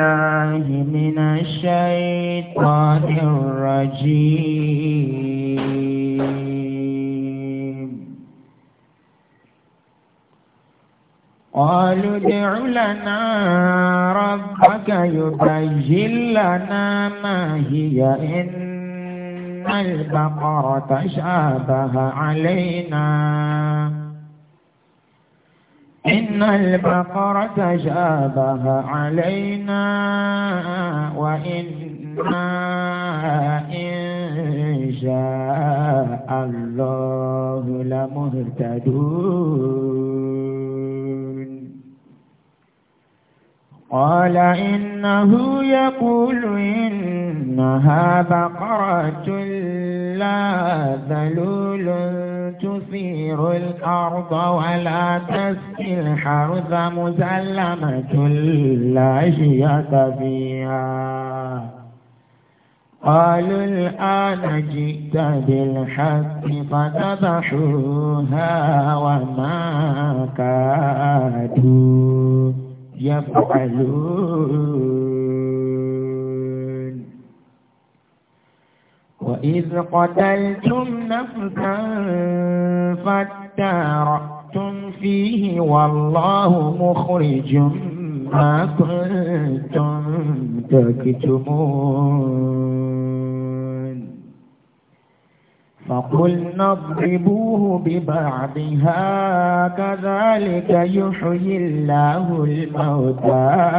بالله من الشيطان الرجيم قالوا ادع لنا ربك يبين لنا ما هي إن البقرة شابه علينا إن البقرة شابه علينا وإنا إن شاء الله لمهتدون قال إنه يقول إنها بقرة لا ذلول تثير الأرض ولا تسقي الحرث مسلمة لا شيء فيها قالوا الآن جئت بالحق فذبحوها وما كادوا يفعلون وإذ قتلتم نفسا فاتارأتم فيه والله مخرج ما كنتم تكتمون فقلنا اضربوه ببعضها كذلك يحيي الله الموتى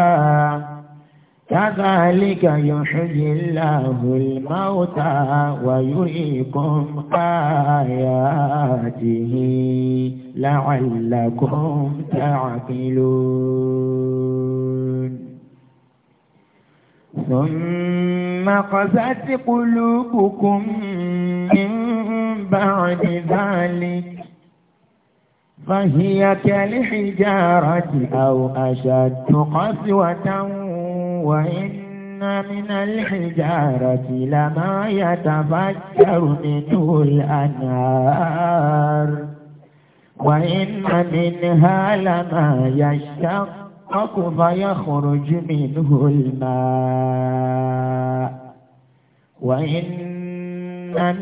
كذلك يحيي الله الموتى ويريكم آياته لعلكم تعقلون ثم قست قلوبكم من بعد ذلك فهي كالحجارة أو أشد قسوة وإن من الحجارة لما يتفجر منه الأنهار وإن منها لما يشتقق فيخرج منه الماء وإن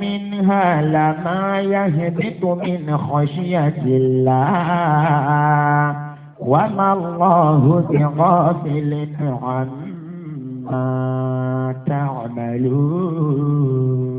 منها لما يهبط من خشية الله وما الله بغافل عما تعملون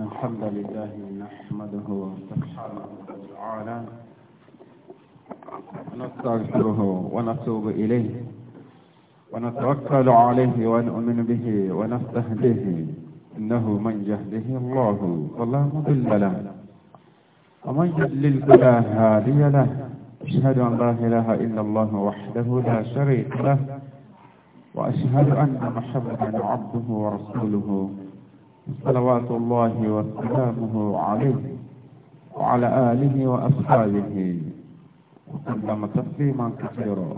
الحمد لله نحمده سبحانه وتعالى ونستغفره ونتوب إليه ونتوكل عليه ونؤمن به ونستهديه إنه من يهده الله فلا مضل له ومن يضلل فلا هادي له أشهد أن لا إله إلا الله وحده لا شريك له وأشهد أن محمدا عبده ورسوله صلوات الله وسلامه عليه وعلى آله وأصحابه وسلم تسليما كثيرا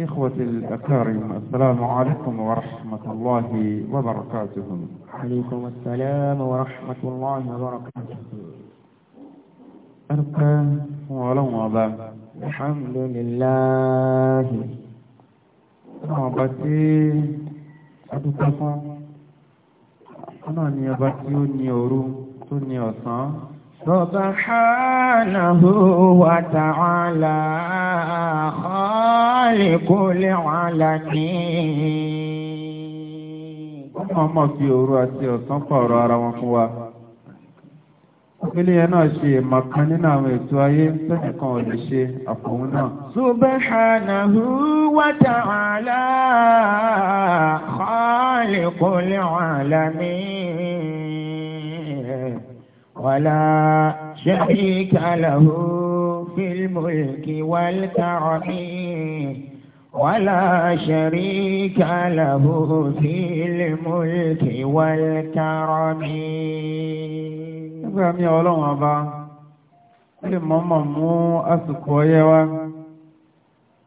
إخوتي الأكارم السلام عليكم ورحمة الله وبركاته عليكم السلام ورحمة الله وبركاته أركان ولو أبا الحمد لله أبتي أدوكفا أنا أبتي أني أورو تني أصان سبحانه وتعالى خالق العالمين ọmọ fi òru àti ọ̀sán pààrọ̀ ara wọn fún wa Ìpínlẹ̀ náà ṣe ìmọ̀kan nínú àwọn ètò ayé tẹ́nìkan ò lè ṣe àfòun náà. Subhanahu wa ta'ala khaliqul alamin. ولا شريك له في الملك والكرم ولا شريك له في الملك والكرم ẹgbẹ́ mi ọlọ́run ọba ó lè mọ́mọ́ mú àsìkò ọyẹ́ wá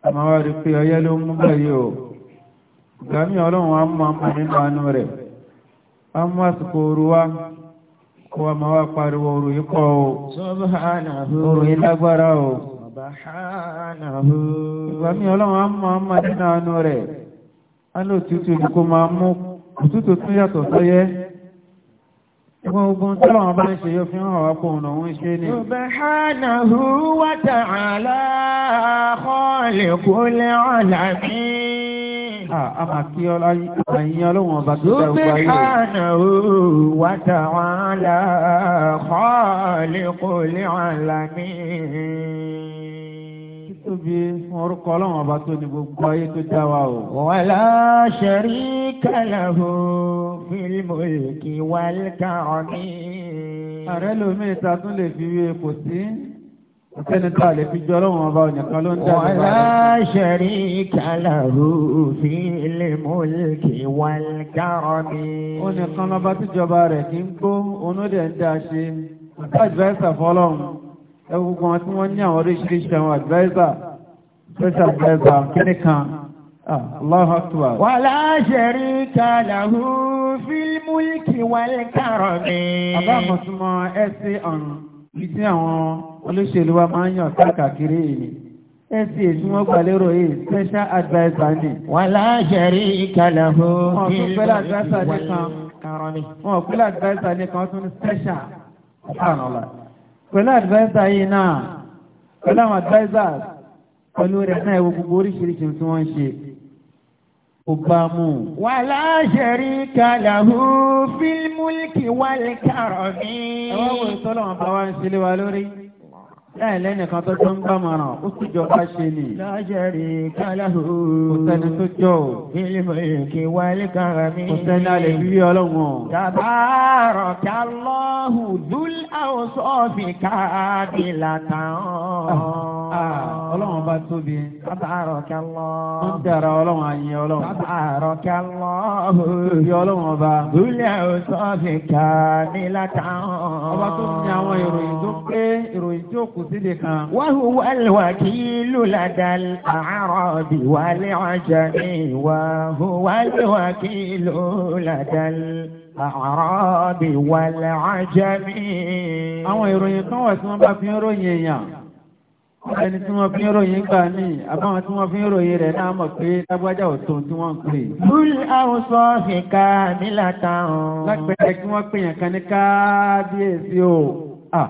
àmọ́ wá rí pé ọyẹ́ ló mú báyìí o ìgbà mi ọlọ́run á mú àmọ́ nínú àánú rẹ̀ á mú àsìkò ooru wá kó wa máa wá pariwo ọ̀rọ̀ yìí o ọ̀rọ̀ yìí o ìgbà mi ọlọ́run á mọ ọmọ nínú àánú rẹ̀ á lò tútù ní kó máa mú òtútù tún yàtọ̀ sọ́yẹ́ Gbogbo tọ́lọ̀wọ̀n bá ń ṣe yóò fi hàn wá kó ọ̀nà òun ṣe ni. Subhanahu wa ta'ala khaliqul alamin. Subhanahu wa ta'ala khaliqul alamin. Títóbi orúkọ ọlọ́wọ̀n ọba tó ní gbogbo ayé tó dá wa o. Wala sharika lahu fil mulki wal karami. Ààrẹ lómi ìta tún lè fi wé epo sí. Ọ̀sẹ́ni tá a lè fi jọ ọlọ́run ọba òyìnkan ló ń dá lọ́wọ́. Wàlá ṣẹ̀rí kàlàrú fi lè mú wà kárọ̀ mi. Ó nìkan lọ́ba tíjọba rẹ̀ kì í gbó, òun ń dá ṣe. Ọ̀sá àdìváísà fọlọ́run. Ẹ gbogbo tí wọ́n ní àwọn oríṣiríṣi àwọn àdìváísà. Special advisor kíní kan. Ah, Allahu akbar. ṣẹ̀rí kàlàrú fi múlìkì wà kárọ̀ mi. Àbá olóṣèlú wa máa ń yàn káàkiri èyí ẹ̀sì èsì wọ́n gbà lérò yìí special adviser ni. wà láṣẹ̀rí ìkàlàfó kí ló ń wà kárọ́ ni. wọn pẹ̀lú adviser nìkan tún ní special ọ̀pánàlá pẹ̀lú adviser yìí náà pẹ̀lú àwọn advisers pẹ̀lú rẹ̀ náà ewu gbogbo oríṣiríṣi tí wọ́n ń ṣe obamu. wàlá ṣẹ̀rí kàlàhù fílmùlìkì wàlìkàrọ̀ ní. ẹ wá wo ìtọ́lọ́wọ́n bá wa ń ṣe lé wa lórí ẹ̀ lẹ́nìkan tó tó ń gbàmọ̀ràn ó sì jọ bá ṣe ni. lájẹ̀rì káláhù. kò sẹ́ni tó jọ o. ilé ìkè wá ilé kára mi. kò sẹ́ni alẹ́ bíbí ọlọ́run. tàbárọ̀ kálọ́hù dúl àwòsọ́ọ̀fì káàdìlà táwọn. ọlọ́run bá tóbi. tàbárọ̀ kálọ́. ó ń dára ọlọ́run àyìn ọlọ́run. tàbárọ̀ kálọ́hù. bí ọlọ́run ọba. dúl àwòsọ́ọ̀fì káàdìlà táwọn. ọba tó síbi kan. wáhùwà lùwàkì lùlàdàl àárọ̀bì wálé ọjà ní wáhùwà lùwàkì lùlàdàl àárọ̀bì wálé ọjà ní. àwọn ìròyìn kan wà tí wọ́n bá fi ń ròyìn èèyàn ẹni tí wọ́n fi ń ròyìn gbà ní àbáwọn tí wọ́n fi ń ròyìn rẹ̀ náà mọ̀ pé lágbájá òtún tí wọ́n ń pè. búl àwùsọ fìkà nílàtà ọ̀hún. lápẹẹrẹ kí wọ́n pèèyàn kan ní káábíyèsí o. Ah.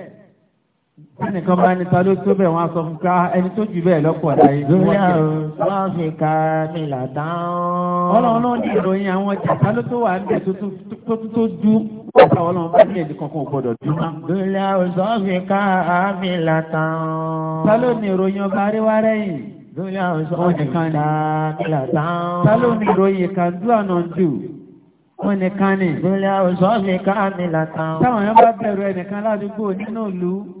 ẹnìkan bá ní ta ló tó bẹ̀ wọ́n á sọ fún ká ah, ẹni tó jù bẹ́ẹ̀ lọ́pọ̀ láyé. lórí àwọn wọn fi ka mi là dáhùn. ọlọ́run náà ní ìròyìn àwọn ọjà ta ló tó wà ń bẹ̀ tó tún tó dú ọ̀tá ọlọ́run bá ní ẹ̀dí kankan gbọ́dọ̀ dún náà. lórí àwọn wọn fi ka mi là dáhùn. ta ló ní ìròyìn ọba aríwá rẹ̀yìn. lórí àwọn wọn fi ka mi là dáhùn. ta ló ní ìròyìn ìkàndú àná dù wọ́n nìkan ni. lórí àwọn wọn fi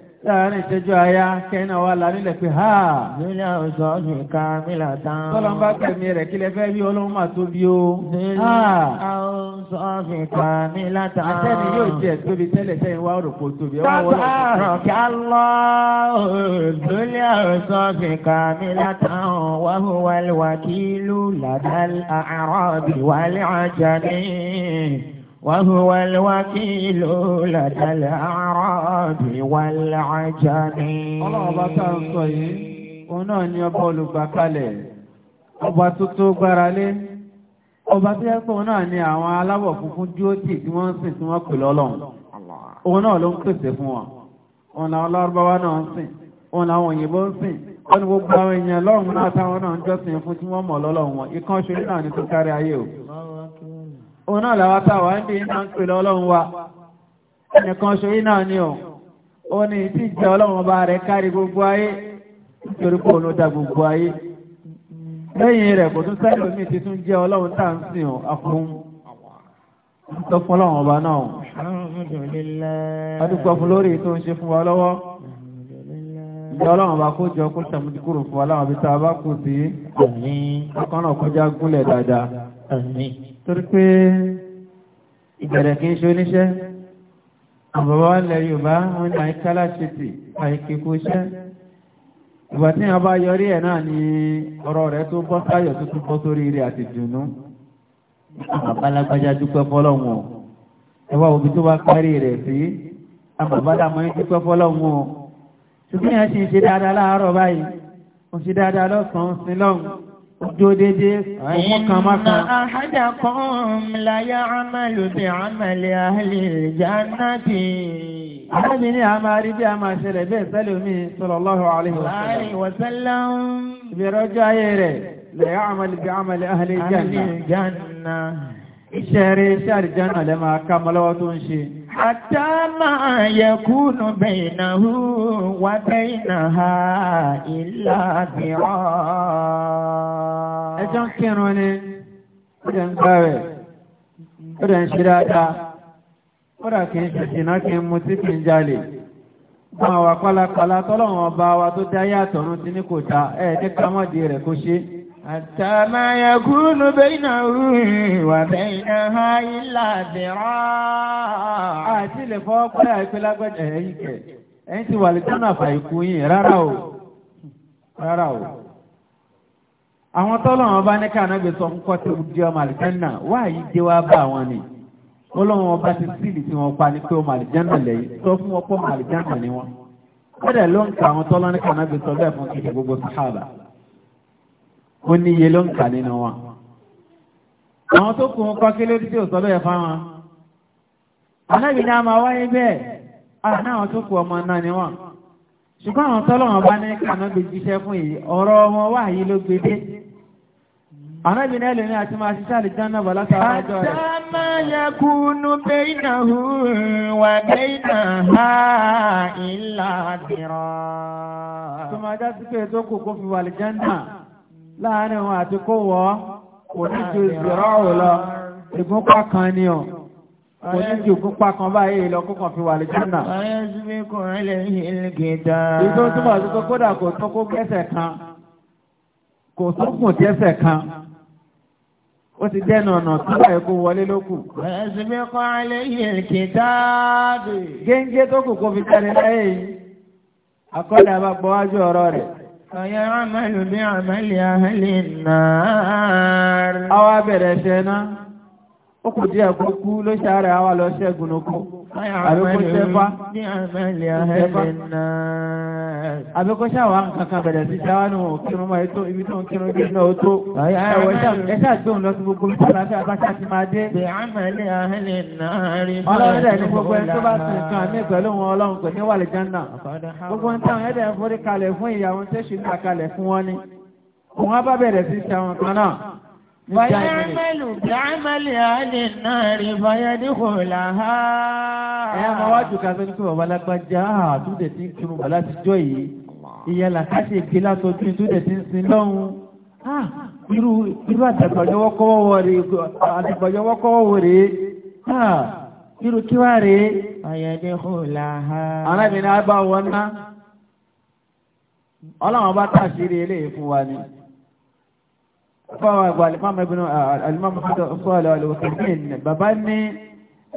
láàrin ìṣẹ́jú àyá kẹ́nà wà lárílẹ̀ pé ha nílẹ̀ ọ̀sọ̀ ọ̀sùn ká mílà tán tọ́lọ́n bá pẹ̀mí rẹ̀ kí lẹ fẹ́ rí ọlọ́run mà tó bí ó ha ọ̀sọ̀ ọ̀sùn ká mílà tán àtẹ́ni yóò jẹ́ tóbi tẹ́lẹ̀ tẹ́yìn wá òrùkó tóbi ọwọ́ wọ́n sọ̀rọ̀ kí á lọ nílẹ̀ ọ̀sọ̀ ọ̀sùn ká وهو الوكيل لدى الأعراب والعجم ọlọ́run bá tá à ń sọ yìí òun ọba tó yẹ pé òun náà ni àwọn aláwọ̀ funfun dúró tì tí wọ́n ń sìn tí wọ́n pè lọ́lọ́run òun náà ló ń pèsè fún wọn òun làwọn lárúbáwá náà ń sìn òun làwọn òyìnbó ń sìn wọ́n ní gbogbo àwọn èèyàn lọ́run náà táwọn náà ń jọ́sìn fún tí wọ́n mọ̀ lọ́lọ́run wọn ìkànṣe náà ni tó kárí ayé o òun náà làwọn táwà ń bí iná ń pè lọ ọlọ́run wa ẹnìkan ṣorí náà ni ọ̀ ó ní tí ìjẹ ọlọ́run bá rẹ̀ kárí gbogbo ayé nítorí pé òun ló dá gbogbo ayé lẹ́yìn rẹ̀ kò tún sẹ́yìn omi ti tún jẹ́ ọlọ́run tá ń sìn ọ́ àfún sọ ọlọ́run ọba náà adúgbò fún lórí tó ń ṣe fún wa lọ́wọ́ ìjọ ọlọ́run ọba kó jọ kó ṣàmùdí kúrò fún wa láwọn ibi bá kù sí ọkàn kọjá gúnlẹ̀ dáadáa torí pé ìbẹ̀rẹ̀ kì í ṣe oníṣẹ́ àbọ̀bọ̀ ilẹ̀ yorùbá wọn ní àyíkálá ṣe tì àyíkíkú iṣẹ́ ìgbà tí wọn bá yọrí ẹ̀ náà ni ọ̀rọ̀ rẹ̀ tó bọ́ sáyọ̀ tó tún bọ́ sórí rẹ̀ àti dùnú àbálágbájá dúpẹ́ fọlọ́wọ́n ẹ wá òbí tó bá kárí rẹ̀ sí àbàbádàmọ́ dúpẹ́ fọlọ́wọ́n ṣùgbọ́n yẹn ṣe ń ṣe dáadáa láàárọ̀ báyìí ó ṣe dáadáa lọ́sàn-án sí lọ́hùn-ún Ojú dédé, ọmọ kan máa kan. Inna ahadakum la ya'malu bi 'amali ahli jannati. Àbẹ́bí ni a máa rí bí a máa ṣẹlẹ̀ bẹ́ẹ̀ sẹ́lẹ̀ omi sallallahu alaihi wa sallam. Ìbẹ̀rẹ̀ ọjọ́ ayé rẹ̀ la ya'malu bi 'amali ahli jannah. Iṣẹ́ rẹ̀ iṣẹ́ àlìjánà lẹ́ máa ká mọ́lọ́wọ́ tó ń ṣe. Àtàmà yẹkúnù bẹ̀yìnà hù wà bẹ̀yìnà ha ìlà àbíọ́. Ẹjọ́ kírun ni, ó dẹ̀ ń gbá rẹ̀, ó dẹ̀ ń ṣe dáadáa, ó dà kí n ṣe ṣìná kí n mutí kí n wa tó dá yàtọ̀ ọ̀run ti ní kò ta ẹ̀ẹ́dẹ́gbàmọ́dé حتى ما يكون بينه وبينها إلا ذراع àti lè fọ́ pẹ́lá ìpínlágbẹ́jẹ̀ ẹ̀yìn kẹ̀ ẹ̀yìn ti wà lè tánà fàíkú yìí rárá o rárá o àwọn tọ́lọ̀wọ́n bá ní káànágbé sọ kọ́ tí ó ọmọ àlìjẹ́nà wà yìí dé wá bá wọn ni ọlọ́wọ́n bá ti sílì tí wọ́n pa ní pé ọmọ àlìjẹ́nà lẹ́yìn sọ fún ọpọ́ ọmọ àlìjẹ́nà ni wọ́n ó ló ń ka àwọn tọ́lọ́ ní káànágbé sọ bẹ́ẹ̀ fún kíkẹ́ gbogbo sàhábà ó ní iye ló ń kà nínú wọn àwọn tó kún kọ́ kí ló dídí òsọ́ lóye fáwọn anábì ní a máa wáyé bẹ́ẹ̀ àwọn tó kù ọmọ náà ni wọn ṣùgbọ́n àwọn tọ́lọ́wọ́n bá ní kàná gbé jíṣẹ́ fún yìí ọ̀rọ̀ wọn wà yìí ló gbé dé Ànábì ní ẹlòmí àti máa ṣiṣẹ́ àlìjánà bọ̀ látara ọjọ́ rẹ̀. Àtàmà yakunu bainahu wa bainaha illa dira. Tó máa já sí pé láàárín òun àti kó wọ́ kò ní ju lọ ìgúnpá kan ni ọ̀ kò ní ju ìgúnpá kan báyìí lọ kó kàn fi wà lójúnà. ìgbó túbọ̀ sí pé kò tó kó kan kò tó kan ó ti dẹ́nu ọ̀nà tí wọlé géńgé tó kù kó fi jáde akọ́dà bá gbọ́ wájú ọ̀rọ̀ فيعمل بعمل أهل النار أو أبرسنا ó kò jẹ́ ẹ̀kọ́ kú ló ṣàárẹ̀ àwà lọ ṣẹ́gun oko àbíkó ṣẹ́fá àbíkó ṣàwà kankan bẹ̀rẹ̀ sí ṣáwá ní òun kírun máa tó ibi tó ń kírun bí náà ó tó ẹ̀wọ̀ ẹ̀ṣà tó ń lọ sí gbogbo tó láfẹ́ abáṣá ti máa dé ọlọ́run ẹ̀ ní gbogbo ẹ̀ tó bá sì nǹkan àmì pẹ̀lú wọn ọlọ́run kò ní wà lè Fàyàmẹ́lù dáàmẹ́lì àdè náà rí fàyàdíkò làhá. Ẹ máa wá jù kásán ní pé bàbá lágbájá àtúndẹ̀ ah, tí ń kírun bàbá ti jọ yìí. Ìyá làkàṣe èké látọjú ìtúndẹ̀ tí ń sin lọ́hùn. Ah, ah, irú kí wá rè. Fàyàdíkò làhá. Arábìnrin àgbà ná. Ọlọ́run bá tàṣírí eléyìí fún wa ni fáwọn àgbà alimọ́mọ́ ibùnú uh, alimọ́mọ́ sọ́ọ̀lọ́ alùsùlùmín bàbá ní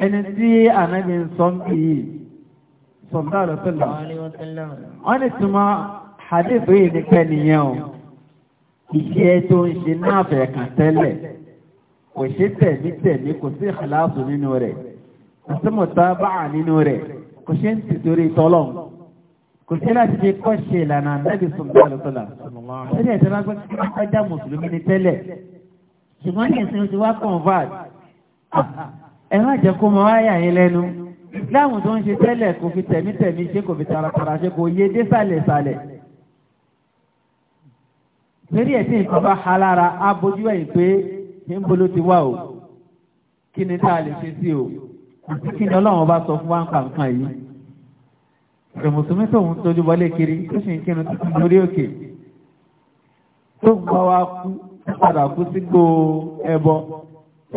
ẹni tí ànábì ń sọ bí i sọ̀tà àlọ́sọ̀lọ́ wọ́n ní túmọ̀ hadith yìí ní pẹ́niyàn o iṣẹ́ tó ń ṣe náà fẹ̀ẹ́ kàn tẹ́lẹ̀ kò ṣe kò sí láti ṣe kọ́ ṣe ìlànà àdájọ́ sọ̀rọ̀ àlùkọ́là ṣẹlẹ̀ ìjọba gbé kí wọ́n kọjá mùsùlùmí ní tẹ́lẹ̀ ṣùgbọ́n ní ìsinmi ti wá convert ẹ má jẹ́ kó mọ wáyà yín lẹ́nu láwọn tó ń ṣe tẹ́lẹ̀ kò fi tẹ̀mítẹ̀mí ṣe kò fi taratara ṣe kò yé dé sàlẹ̀sàlẹ̀ torí ẹ̀ tí nǹkan bá halára á bójú ẹ̀yìn pé ní bolo ti wá o kí ni tá a lè ṣe sí o kí ni ọlọ́run bá sọ fún wa nǹkan yìí pé mùsùlùmí tó ń tójú wọlé kiri tó sì ń kírun títí lórí òkè tó gbọ́ wa kú padà kú sí gbòó ẹbọ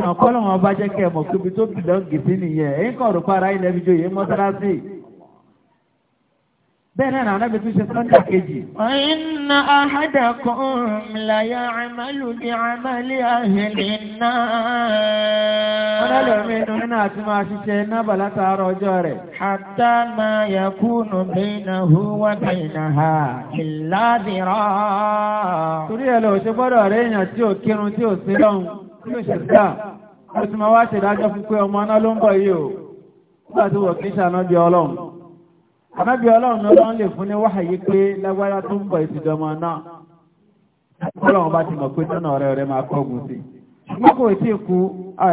àwọn kọ́lọ̀ wọn bá jẹ́ kẹ́ ẹ mọ̀ pé ibi tó bìlọ́ǹgì sí nìyẹn èyí kàn rò para ilẹ̀ ibi mọ́sálásì bẹ́ẹ̀ náà náà bí tún ṣe sọ́ńdà kejì. inna ahadakum la ya'malu bi 'amali ahli an-nar. wọ́n lọ rí inú nínú àti máa ṣiṣẹ́ iná bàlátà ara ọjọ́ rẹ̀. hatta ma yakunu bainahu wa bainaha illa dhira. torí ẹ̀ lọ ṣe gbọ́dọ̀ rẹ̀ èèyàn tí ò kírun tí ò sí lọ́hùn tí ò ṣe sá. ó ti máa wá ṣèdájọ́ Ànábì ọlọ́run ní ọlọ́run lè fún ní wáhàyí pé lágbára tó ń bọ̀ ìsìdọmọ náà. Ọlọ́run bá ti mọ̀ pé tọ́nà ọ̀rẹ́ rẹ̀ máa kọ́gùn sí. Ṣùgbọ́n kò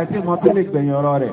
tí ì mọ́ tó lè gbẹ̀yìn ọ̀rọ̀ rẹ̀.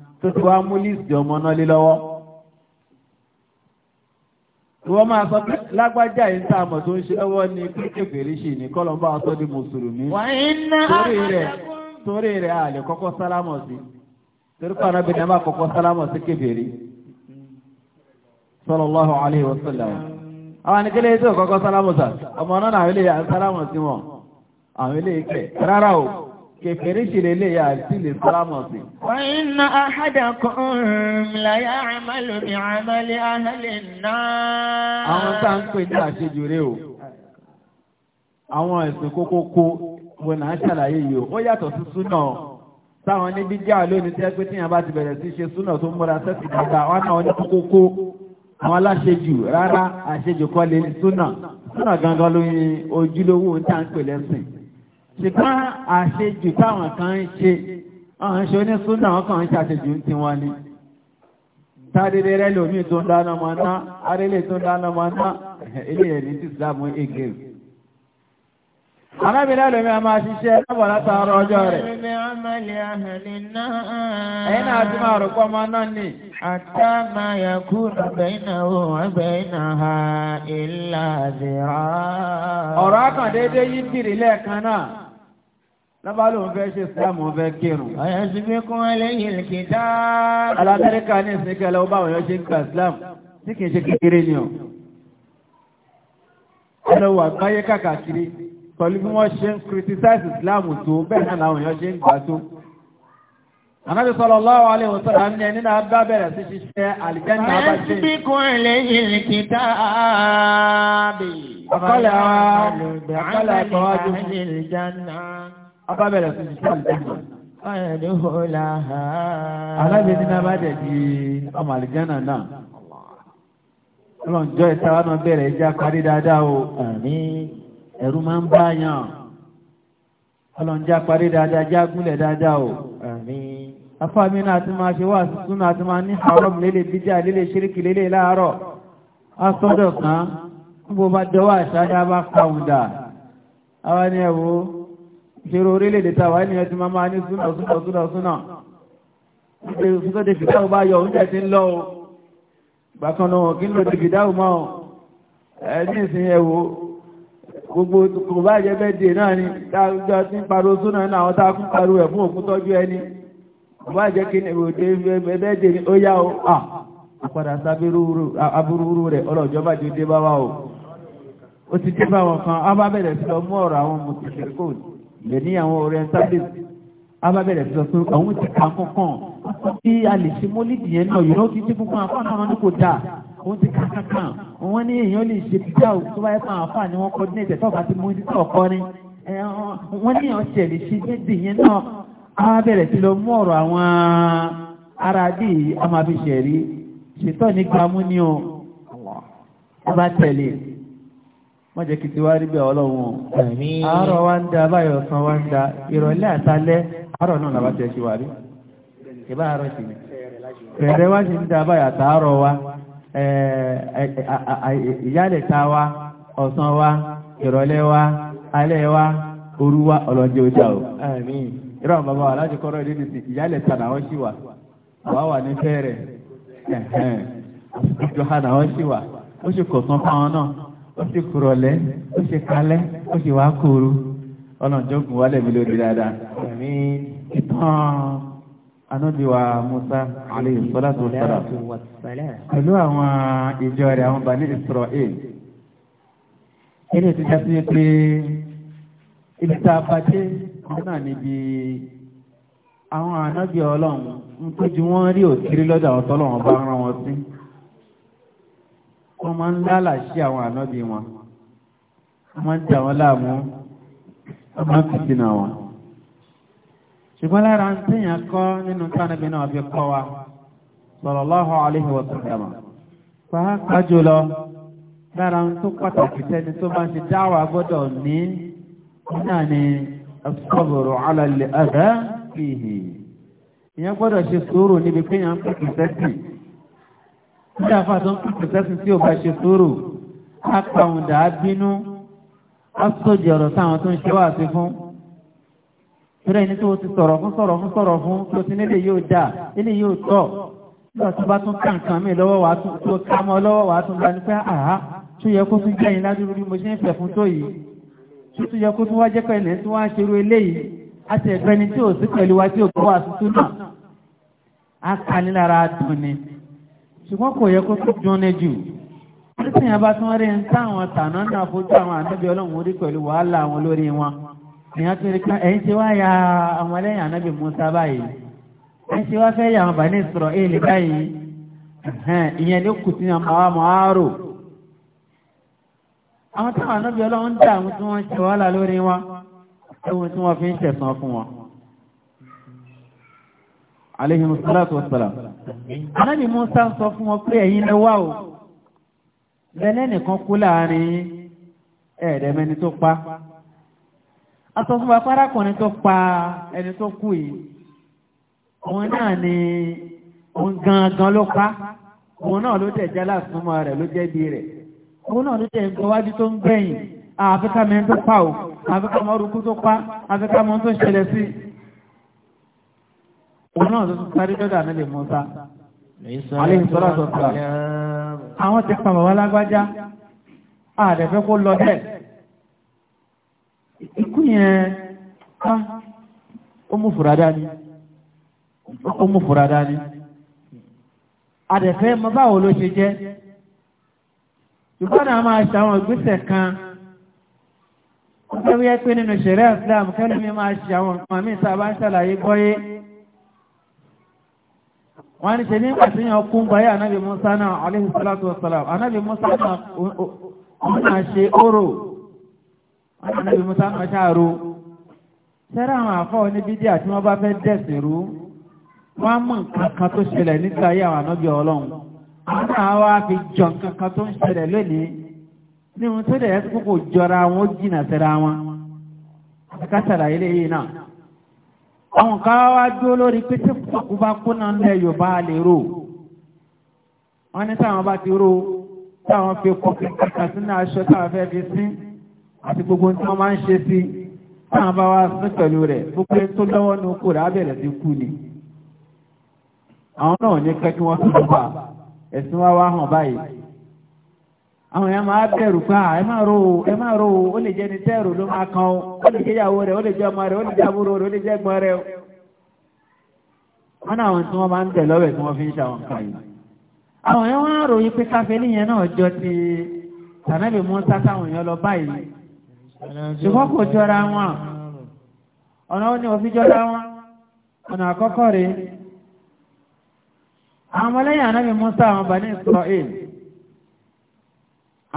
tó ti wá mú líìsì ọmọ náà lé lọ́wọ́ wọ́n máa sọ pé lágbájá yìí tá a mọ̀ tó ń ṣe lọ́wọ́ ni pínpín fèrè ṣì ní kọ́lọ́mbà ọ̀sọ́ di mùsùlùmí torí rẹ̀ torí rẹ̀ a lè kọ́kọ́ sálámọ̀ sí torí pé arábìnrin máa kọ́kọ́ sálámọ̀ sí kébèrè sallallahu alaihi wasallam àwọn anìkẹ́lẹ́ tó kọ́kọ́ sálámọ̀ sí ọmọ náà àwọn ilé sálámọ̀ sí wọn àwọn ilé ìkẹ́ rárá o kèfèrè ṣeré lè yà sí lè sọ́lámọ̀ sí. Wa inna ahadakum la ya'malu bi 'amali ahli an Àwọn tá ń pè ní àṣejù rẹ̀ o. Àwọn ẹ̀sìn kókókó wọn náà ṣàlàyé yìí o. Ó yàtọ̀ sí súnà táwọn níbi jẹ́ àlónìí tẹ́ pé tíyàn ti bẹ̀rẹ̀ sí ṣe súnà tó múra sẹ́sì dáadáa wọn náà ní kókókó. Àwọn aláṣejù rárá àṣejù kọ́ lè ní súnà. Súnà gangan lóyún ojúlówó tá ń pè lẹ́sìn. ṣùgbọ́n àṣejù táwọn kan ń ṣe ọ̀hún ṣe onísúnà wọn kàn ń ṣàṣejù tí wọ́n ní tàdédé rẹ lómi tó ń dáná máa ná arélé tó ń dáná máa ná ilé ẹ̀rí ti sàmú arábìnrin a máa ṣiṣẹ́ lọ́bọ̀ látàárọ̀ ọjọ́ rẹ̀. náà ti máa ni. máa kú ìlà Lọ́bá ló ń fẹ́ ṣe ìsìlámù ń fẹ́ kírun. Ọ̀yọ́ sí pé kún ẹlẹ́yìn ìkìtá. Alamẹ́ríkà ní ìsìnkẹ́ lọ bá ọ̀yọ́ ṣe ń gba ìsìlámù tí kìí ṣe kékeré ni ọ̀. Ẹlọ wà gbáyé kàkàkiri pẹ̀lú bí wọ́n ṣe ń criticize ìsìlámù tó bẹ́ẹ̀ náà làwọn ọ̀yọ́ ṣe ń gbà tó. Ànábì sallallahu alaihi wasallam ní ọba bẹ̀rẹ̀ sí ti sá àlùjáná. ọ̀dùnkọ́lá ha. alábẹ́ nínú abájẹ́ di ọmọ àlùjáná náà. ọlọ́njọ́ ìsáwá náà bẹ̀rẹ̀ ìjà parí dáadáa o. àmín ẹ̀rù máa ń bá yàn. ọlọ́njọ́ parí dáadáa já gúnlẹ̀ dáadáa o. àmín afáàmì náà ti máa ṣe wá àtúntún náà ti máa ní haram lélẹ̀ bíjà lélẹ̀ ṣíríkì lélẹ̀ láàárọ̀. asọ́dọ̀ kan níbo bá dọwọ́ àṣà ìṣòro orílẹ̀-èdè tàwà ènìyàn ti máa suna suna suna suna súnà nígbà tó dèfìdá ò bá ti ń lọ o gbàkan náà kí ń lo dèfìdá ò máa ẹni ìsìn ẹ̀wò gbogbo kò ba je bẹ́ẹ̀ dè na ni tájọ́ ti ń suna na náà àwọn tákún pariwo ẹ̀ e òkú tọ́jú ẹni kò o àpadà sábúrúurú rẹ̀ wa o ti kan lè ní àwọn orientalist abábẹ̀rẹ̀ sọ pé àwọn ti kà kankan tí a lè ṣe mólídì yẹn náà yìí lọ́ọ́ ti ti fúnpá àfáà náà ní kò dáa òun ti kà kankan wọ́n ní èèyàn lè ṣe bíjà tó báyé fún àfáà ni wọ́n kọ́ ní ẹ̀jẹ̀ tọ́ka ti mú ní tọ̀kọ́ ni wọ́n ní èèyàn ṣẹ̀lẹ̀ ṣe méjì yẹn náà abábẹ̀rẹ̀ ti lọ mú ọ̀rọ̀ àwọn ará bí amábíṣẹ̀rí ṣètọ́ ní gbámú ni ó bá wọ́n jẹ́ kí ti wá rí bẹ́ẹ̀ ọlọ́run àárọ̀ ń da báyọ̀ ọ̀sán wá ń da ìrọ̀lẹ́ àtàlẹ́ àárọ̀ náà làbá tẹ̀ ṣe wà rí ìbá àárọ̀ sí ni rẹ̀rẹ̀ wá sí ń da báyọ̀ àtàárọ̀ wa ìyálẹ̀ ọ̀sán wa ìrọ̀lẹ́ wa alẹ́ wa wa ọlọ́jẹ́ o ìrọ̀ wa láti kọ́rọ̀ ìdí náà wà wà ha ó sì kúrọ̀lẹ́ ó sì kalẹ́ ó sì wá kóoru ọlọ́njọ́gùn wálẹ̀ mi lórí dáadáa ẹ̀mí ìtàn anúbíwá Musa alayhi salatu wassalam pẹ̀lú àwọn ìjọ rẹ̀ àwọn Bani Israel ẹni tó já sí pé ibi tá a bá dé náà níbi àwọn anábì ọlọ́run ń tójú wọn rí òkiri lọ́dọ̀ àwọn bá rán wọn sí wọ́n máa ń lálàsí àwọn ànábì wọn wọ́n máa ń dà wọ́n láàmú wọ́n máa ń fìdínà wọn ṣùgbọ́n lára ń tẹ̀yàn kọ́ nínú tánàbí náà fi kọ́ wa sallallahu alaihi wa sallam pàápàá jùlọ lára ń tó pàtàkì tẹ́ni tó bá ń ṣe dáwà gbọ́dọ̀ ní náà ni as-sabru ala al ìyẹn gbọ́dọ̀ ṣe sùúrù níbi pé yàn ń pèsè sẹ́sìn nígbà fà tó ń pèsè sẹ́sìn tí ò bá ṣe sóró á pa òun dà á bínú á sójì ọ̀rọ̀ sáwọn tó ń ṣe wá sí fún ìrẹ́ ní tó ti sọ̀rọ̀ fún sọ̀rọ̀ fún sọ̀rọ̀ fún tó ti nílé yóò dáa nílé yóò tọ́ lọ́wọ́ tó bá tún ká nǹkan mi lọ́wọ́ wàá tún tó ká mọ́ lọ́wọ́ wàá tún bá ní pé àá tó yẹ kó tún jẹ́yìn ládùúrú bí mo ṣe ń fẹ̀ fún tó yìí tó tún yẹ kó tún wá jẹ́ pẹ̀lẹ́ tí wọ́n á ṣerú eléyìí á ti ẹ̀gbẹ́ni tí ò sí pẹ̀lú wa tí ò bọ́ wà tuntun náà á kanilára dùn ni ṣùgbọ́n kò yẹ kó tó jóná jù nísìnyí bá tún rí ń táwọn tàná náà fojú àwọn ànábì ọlọ́run orí pẹ̀lú wàhálà àwọn lórí wọn èèyàn tó rí pé ẹ̀yìn tí wá ya àwọn ẹlẹ́yìn ànábì Musa báyìí ẹ̀yìn tí wá fẹ́ ya àwọn bàní sọ̀rọ̀ èèlè báyìí ìyẹn ló kù sí àwọn àwọn àárò àwọn táwọn ànábì ọlọ́run dà àwọn tí wọ́n ń ṣe wàhálà lórí wọn ẹ̀wọ̀n tí wọ́n fi ń ṣẹ̀sán fún wọn aléhìmù sọ́látù ọ̀sọ̀lá. Anábì Musa sọ fún wọn pé ẹ̀yin lẹ wá o. Bẹ́lẹ́ nìkan kú láàrin ẹ̀ẹ́dẹ̀mẹni tó pa. A sọ fún wa párákùnrin tó pa ẹni tó kú yìí. Òun náà ni òun gangan ló pa. Òun náà ló dẹ̀ jálá súnmọ́ rẹ̀ ló jẹ́ bí rẹ̀. Òun náà ló dẹ̀ ń gbọ́wájú tó ń gbẹ̀yìn. Àfikà tó pa o. Àfikà tó pa. Àfikà tó ṣẹlẹ̀ sí i òun náà tó sáré dọ́dà nílé Musa aléìsọ́lọ́sọ̀tọ̀ àwọn ti pàmọ̀ wá lágbájá àdẹ̀fẹ́ kó lọ bẹ́ẹ̀ ikú yẹn ká ó mú fùrádá ní ó mú fùrádá ní àdẹ̀fẹ́ mọ báwo ló ṣe jẹ́ ìgbọ́nà máa ṣàwọn ìgbésẹ̀ kan ó fẹ́ wíyẹ́ pé nínú ṣẹ̀rẹ́ Islam kẹ́lùmí máa ṣàwọn nǹkan mí sábà ń ṣàlàyé gbọ́yé wọ́n ní tẹ̀lé nígbà tí yàn kún báyé anábì musa náà alayhi salatu wa salam anábì musa náà ọ̀nà ṣe oró anábì musa náà ṣàrò sẹ́rẹ́ àwọn àfọ́ oníbídí àti wọ́n bá fẹ́ dẹ̀sìn rú wọ́n á mọ̀ nǹkan kan tó ṣẹlẹ̀ nígbà ayé àwọn anábì ọlọ́run wọ́n náà wá fi jọ nǹkan kan tó ń ṣẹlẹ̀ lónìí ní tó dẹ̀ yẹ kókò jọra wọn jìnnà sẹ́ra wọn àwọn kan wá dúró lórí pé tí kòkó bá kóná lẹ yorùbá lè rò wọn ní táwọn bá ti rò táwọn fi kọ kẹkẹkẹ sínú aṣọ táwọn fẹẹ fi sí àti gbogbo tí wọn máa ń ṣe sí táwọn bá wá sí pẹ̀lú rẹ̀ gbogbo tó lọ́wọ́ ní oko rẹ̀ á bẹ̀rẹ̀ kú ni àwọn náà ní kẹkí wọn tó dùn bá ẹ̀sìn wá hàn báyìí àwọn èèyàn máa bẹ̀rù pé ẹ máa ro ẹ máa ro ó lè jẹ́ ni tẹ́rù ló máa kan ó lè jẹ́ ìyàwó rẹ̀ ó lè jẹ́ ọmọ rẹ̀ ó lè jẹ́ àbúrò rẹ̀ ó lè jẹ́ ẹ̀gbọ́n rẹ̀ wọ́n náà àwọn tí wọ́n máa ń tẹ̀ lọ́wẹ̀ tí wọ́n fi ń ṣàwọn nǹkan yìí àwọn èèyàn wọ́n á ròyìn pé káfíńlì yẹn náà jọ ti tànàbì mọ́tà táwọn èèyàn lọ báyìí ṣùgbọ́n kò jọra wọn ọ̀nà ó ní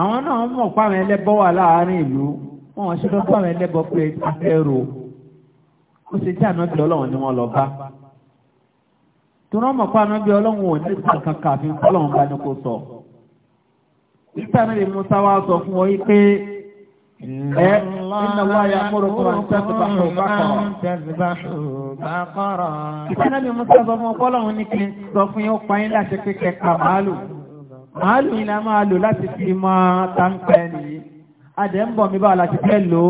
àwọn náà mọ̀ pàmẹ́ ẹlẹ́bọ́ wà láàárín ìlú wọ́n ṣe fẹ́ pàmẹ́ ẹlẹ́bọ́ pé afẹ́rò ó ṣe tí ànábì ọlọ́run ni wọ́n lọ bá tó rán mọ̀ pàmẹ́ bí ọlọ́run ò ní kankan kàfin ọlọ́run bá ní kò sọ nígbà náà lè Musa wá sọ fún ọ pé ẹ iná wá ya kúrò kúrò ń tẹ́sibáṣọ bákọ̀rọ̀ ìtẹ́nàbí Musa sọ fún ọkọ́ ọlọ́run ní kí n sọ fún yóò pa yín láti pé kẹ màálù yìí la máa lò láti fi mọ nìyí ń bọ̀ mi bá fẹ́ lò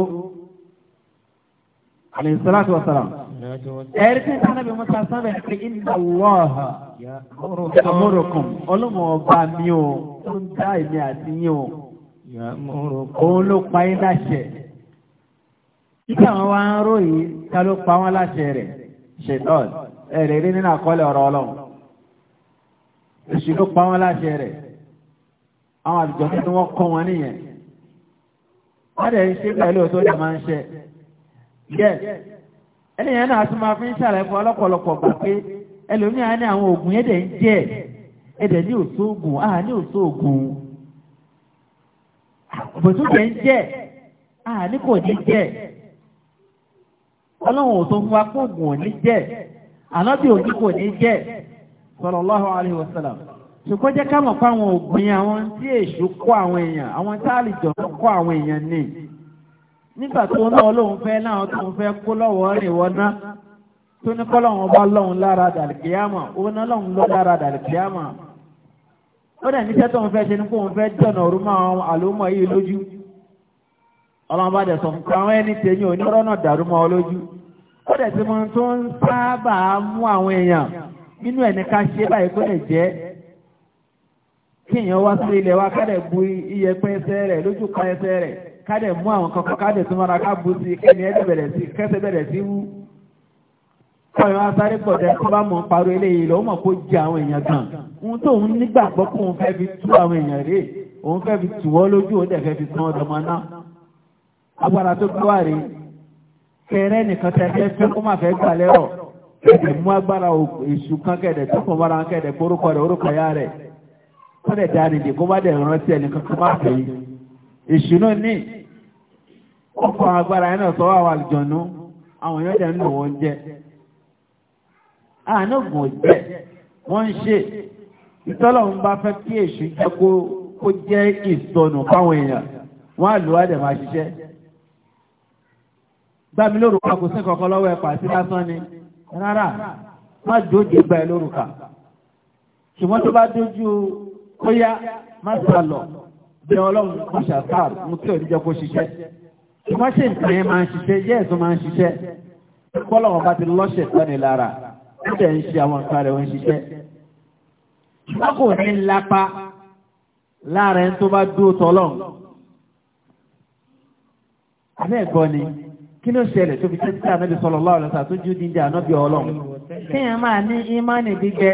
ẹ̀rí tí bí ta sábẹ̀ pé inna Allah amúrùkùn ọlọ́mọọba mi ò tó ń dá èmi àti yín o òun ló pa yín láṣẹ títí àwọn wa ń ròyìn ta ló pa wọn láṣẹ rẹ̀ ẹ̀rẹ̀ rí nínú àkọọ́lẹ̀ ọ̀rọ̀ àwọn àlùjọ̀nú tí wọ́n kọ́ wọn nìyẹn wọ́n dẹ̀ ṣe pẹ̀lú tó máa ń ṣe yes ẹniyàn náà tún fi ń fún ọlọ́pọ̀lọpọ̀ gbà pé ẹlòmíà ní àwọn oògùn yẹn ń jẹ́ ẹ̀dẹ̀ ní òṣoògùn àà ní òṣoògùn bòtú dẹ̀ ń jẹ́ àà ní kò ní jẹ́ ọlọ́run fún ò òní kò ní jẹ́ ṣùgbọ́n jẹ́ ká mọ̀ pé àwọn ògbìn àwọn tí èṣù kọ́ àwọn èèyàn àwọn táàlì jọ̀ọ́ kọ́ àwọn èèyàn ni nígbà tó náà lóun fẹ́ náà tó ń fẹ́ kó lọ́wọ́ rìn wọná tó ní kọ́ lọ́wọ́ bá lọ́hùn lára dàlùkìyàmà òun náà lọ́hùn lọ́ lára dàlùkìyàmà ó dẹ̀ níṣẹ́ tó ń fẹ́ ṣe ni kó ń fẹ́ jọ̀nà òru mọ́ àwọn àlòmọ́ yìí lójú ọlọ́run bá dẹ̀ sọ kíyàn wá sí ilẹ̀ wa kádẹ̀ bu iyẹ̀pẹ̀ ẹsẹ̀ rẹ̀ lójú kan ẹsẹ̀ rẹ̀ kádẹ̀ mú àwọn kankan kádẹ̀ tó mara ká bu sí kẹ́ni ẹ̀dẹ̀ bẹ̀rẹ̀ sí kẹ́sẹ̀ bẹ̀rẹ̀ sí wú. kọ́yọ̀ asáré pọ̀jẹ́ tó bá mọ̀ parọ́ eléyìí lọ́wọ́ mọ̀ kó jẹ àwọn èèyàn gan. ohun tó ń nígbàgbọ́ kó òun fẹ́ fi tú àwọn èèyàn rè òun fẹ́ fi tù wọ́n lójú òun dẹ̀ fẹ́ fi tán ọdọmọ náà. agbára tó gbé kọ́dẹ̀ dáadìdì kó bá dẹ̀ rántí ẹni kankan máa pè é ìṣúná ní ọkọ̀ agbára ẹ̀nà sọ wà àjọ̀nú àwọn èèyàn dẹ̀ ń lò wọ́n jẹ́ àánú gùn jẹ́ wọ́n ń ṣe ìtọ́lọ̀ ń bá fẹ́ kí èṣù jẹ́ kó jẹ́ ìsọnù fáwọn èèyàn wọ́n á lò wá máa ṣiṣẹ́ gbàmí lórúkọ kò sí kankan lọ́wọ́ ẹ̀pà sí lásán ni rárá má dójú gbà ẹ lórúkà ṣùgbọ́n tó bá dójú kóyá má sà lọ bí ọlọ́run kò ṣàtàr mú tí òdíjọ́ kó ṣiṣẹ́ ṣùgbọ́n ṣe nǹkan yẹn máa ń ṣiṣẹ́ yẹ́ ẹ̀sùn máa ń ṣiṣẹ́ kọ́lọ́wọ́n bá ti lọ́ṣẹ̀ tọ́ni lára ó dẹ̀ ń ṣe àwọn nǹkan rẹ̀ ń ṣiṣẹ́ ṣùgbọ́n kò ní lápá lára ẹni tó bá dúró tọ́lọ́n abẹ́ ẹ̀gbọ́ ni kí ló ṣẹlẹ̀ tó fi tẹ́tí ànábì sallallahu alaihi wasallam tó jú díndín ànábì ọlọ́run kéèyàn máa ní ìmánì gbígbẹ́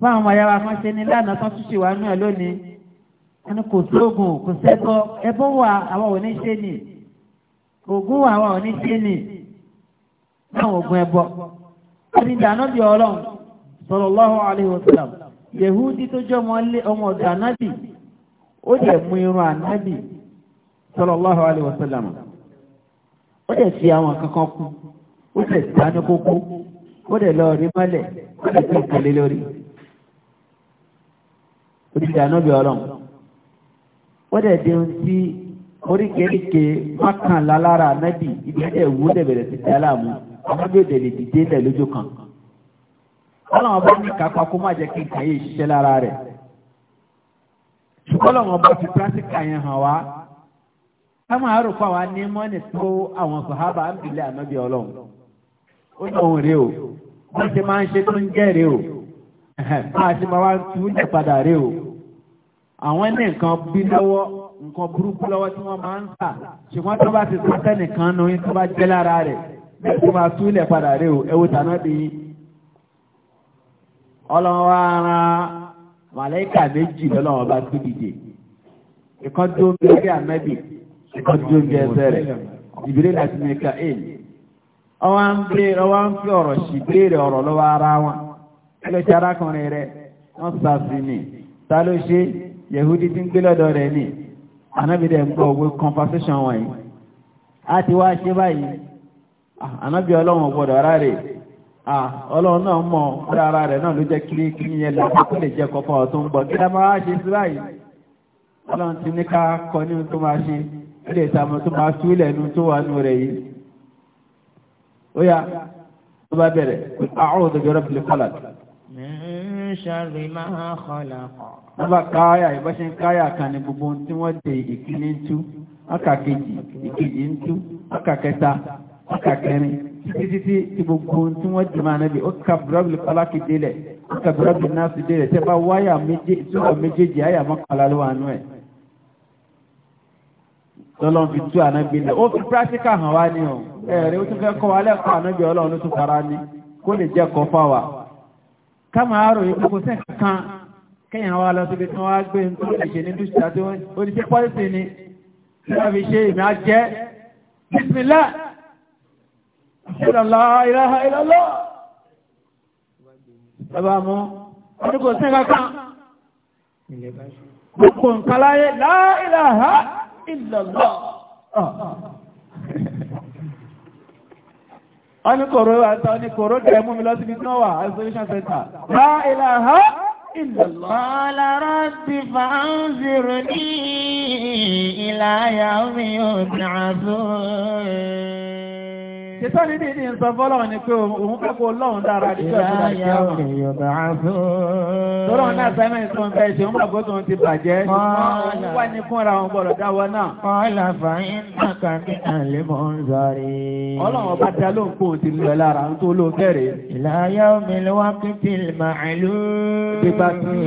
fáwọn ọmọ ayáwa kan ṣe ní tán wà kò kò wà àwọn ṣe nì ògùn wà àwọn ní ṣe nì láwọn ògùn ẹbọ. wọ́n dáná bí ọlọ́run yehudi tó jẹ́ ọmọ ọ̀dọ̀ ànábì ó mú irun sọlọ ó fi àwọn kankan kú ó kókó ó lọ rí mọ́lẹ̀ ó fi oríṣi ànábì ọlọ́run wọ́n dẹ̀ dé ohun tí oríkèéríkè mọ́kànlá lára ànábì ìbílẹ̀ ìwú dẹ̀bẹ̀rẹ̀ sí tẹ́lá mú ànábì òdè lè dìde lẹ̀ lójú kan ọlọ́run bá ní kápá kó má jẹ́ kí nǹkan yìí ṣiṣẹ́ lára rẹ̀ ṣùgbọ́n ọlọ́run bá fi pírátíkà yẹn hàn wá ká máa rò fáwa ní mọ́nì tó àwọn sòhábà ń bìlẹ̀ ànábì ọlọ́run ó ní òun rèé o wọ́n ti máa ń ṣe tó ń jẹ́ o. máa ṣe máa wá túnjẹ́ padà o àwọn ní nǹkan bí lọ́wọ́ nǹkan burúkú lọ́wọ́ tí wọ́n máa ń ṣùgbọ́n tó bá ti pàtẹ́ nìkan nu tó bá jẹ́ lára rẹ̀ tó máa túnlẹ̀ padà rí o ẹwù tàná bí yín ọlọ́wọ́ ara màlẹ́kà méjì bá tó dìde ìkan tó ń àmẹ́bì ìkan tó ń ẹlẹ́tí arákùnrin rẹ̀ wọ́n sàfin ní ta ló ṣe yẹ̀húdí tí ń gbé lọ́dọ̀ rẹ̀ ní anábìdẹ̀ ń gbọ́ òwe conversation wọn yìí a ti wá ṣe báyìí anábì ah, ọlọ́run gbọ́dọ̀ ara rẹ̀ ah, ọlọ́run náà mọ̀ ọ́dọ̀ ara rẹ̀ náà ló jẹ́ kí kí yẹn lọ́pọ̀ kó lè jẹ́ kọ́kọ́ tó ń kí ló máa ṣe sí báyìí ọlọ́run ti ní ká kọ ní tó máa ṣe ilé ìtààmú tó máa tú ilẹ̀ tó wà nù rẹ̀ yìí ó yá tó bá bẹ̀rẹ̀ àwọn òdòdó rẹ̀ fi lè kọ́lá ṣàrì máa kọlà kọ. wọ́n bá káyà ìbọn ṣe ń káyà kan ní gbogbo tí wọ́n dé ìkíní ń tú akàkejì ìkejì ń tú akàkẹta akàkẹrin títí gbogbo tí wọ́n dì máa nẹ́bi ó kà búrọ́bìlì pálákì délẹ̀ ó kà búrọ́bìlì náà sì délẹ̀ tẹ́ bá wáyà fi tú lẹ̀ ó fi hàn wá ní o ká máa rò yìí kókó sẹ́ǹkà kan kéèyàn wa lọ tí wọ́n gbé nǹkan lè ṣe ní dúkìá tó ó ní ṣe pọ́lìsì ni nígbà ṣe ìmọ̀ ajẹ́ bísímìlá ìlàlá ìlàlá ìlàlá bàbá mọ́ ọdún kò sẹ́ǹkà kan gbogbo nǹkan láyé láìláha ìlàlá wọ́n ní kòrò àtàwọn mi lọ síbi tí wà isolation center bá ilẹ̀ ha ìlọ́lọ́. ọ̀la rọ́bì fàánzìrò ní ìlàyà omi ò dàbò. Ṣetọ́ ní dìdí ń sọ fọ́lọ́wọ́ ni pé òun kẹ́kọ̀ọ́ lọ́hun dára díjọ́ ìgbà Tọ́rọ̀ náà sẹ́mẹ̀ tó ń bẹ́ẹ̀ ṣe ń bàbọ́ tó ń ti bàjẹ́, ṣùgbọ́n wà ní fúnra wọn gbọ́dọ̀ dáwọ́ náà. Ọlá fàáyín náà kàn ní àlèmọ́ ń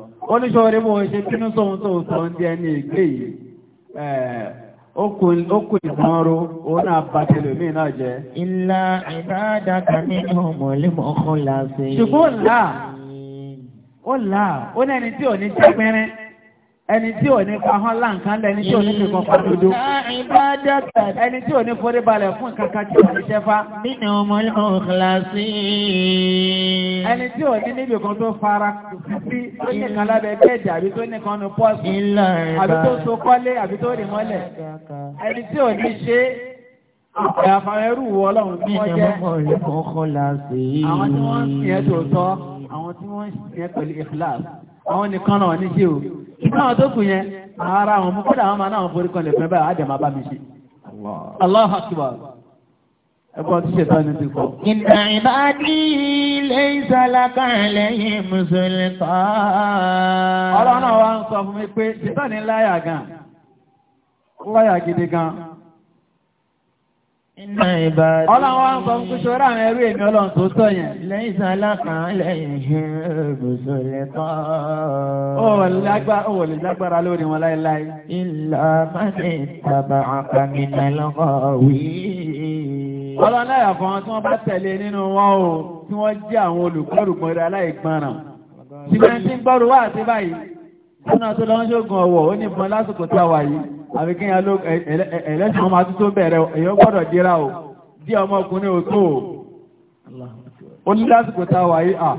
wọ́n ní ṣọ́rí mọ́ ṣe kínú sọ́hun tó sọ ní ẹni ìgbé yìí ókù ìmọ́rú òun náà bá tẹlòmí náà jẹ́. ìlà ìbádàkà nínú mọ̀lẹ́mọ̀ ọkọ̀ làṣẹ. ṣùgbọ́n là ó là ó náà tí ò ní jẹ́ pẹ́rẹ́ ẹni tí ò ní kahán láǹkan lẹ́ni tí ò ní fìkan pàdódó ẹni tí ò ní forí balẹ̀ fún ìkankan tí ò ní ṣẹ́fá nínú ọmọ ìhùnkìláṣí ẹni tí ò ní níbi kan tó fara sí tó ní kan lábẹ́ bẹ́ẹ̀dì àbí tó ní kan nu pọ́ọ̀sì àbí tó so kọ́lé àbí tó rì mọ́lẹ̀ ẹni tí ò ní ṣe àfàwọn ẹrù wọ ọlọ́run tí wọ́n jẹ́ àwọn tí wọ́n ń sìn pẹ̀lú ìfìlà àwọn nìkan náà ní ṣe o. ṣùgbọ́n àwọn tó kù yẹn ara àwọn mú kódà àwọn máa náà forí kan lè fẹ́ báyìí àdèmà bá mi ṣe. Allahu akbar. Ẹgbọ́n ti ṣe tán ti kọ. Inna ibadi laysa laka alayhim sultan. Ọlọ́run náà wá ń sọ fún mi pé ṣètọ́ ni láyà gan. Láyà gidi gan. Ọlọ́run wá ń sọ fún kúṣọ́ rà àwọn ẹrú èmi ọlọ́run tó tọ̀ yẹn. Lẹ́yìn sọ alákan lẹ́yìn ìṣòro ẹ̀kọ́. Ó wọ̀ lè lágbára lórí wọn láíláí. Ìlà máṣe tàbà àkàmìnà lọ́kọ̀ wí. Ọlọ́run láyà fún wọn tí wọ́n bá tẹ̀lé nínú wọn o, tí wọ́n jẹ́ àwọn olùkọ́rùkọ́ rẹ̀ aláìgbọràn. Ṣìgbọ́n tí ń gbọ́rù wá àbí kí ẹlẹ́sìn ọmọ àtútó bẹ̀rẹ̀ èyàn gbọ́dọ̀ dírá o dí ọmọ ọkùnrin ò ní lásìkò tá wà yí à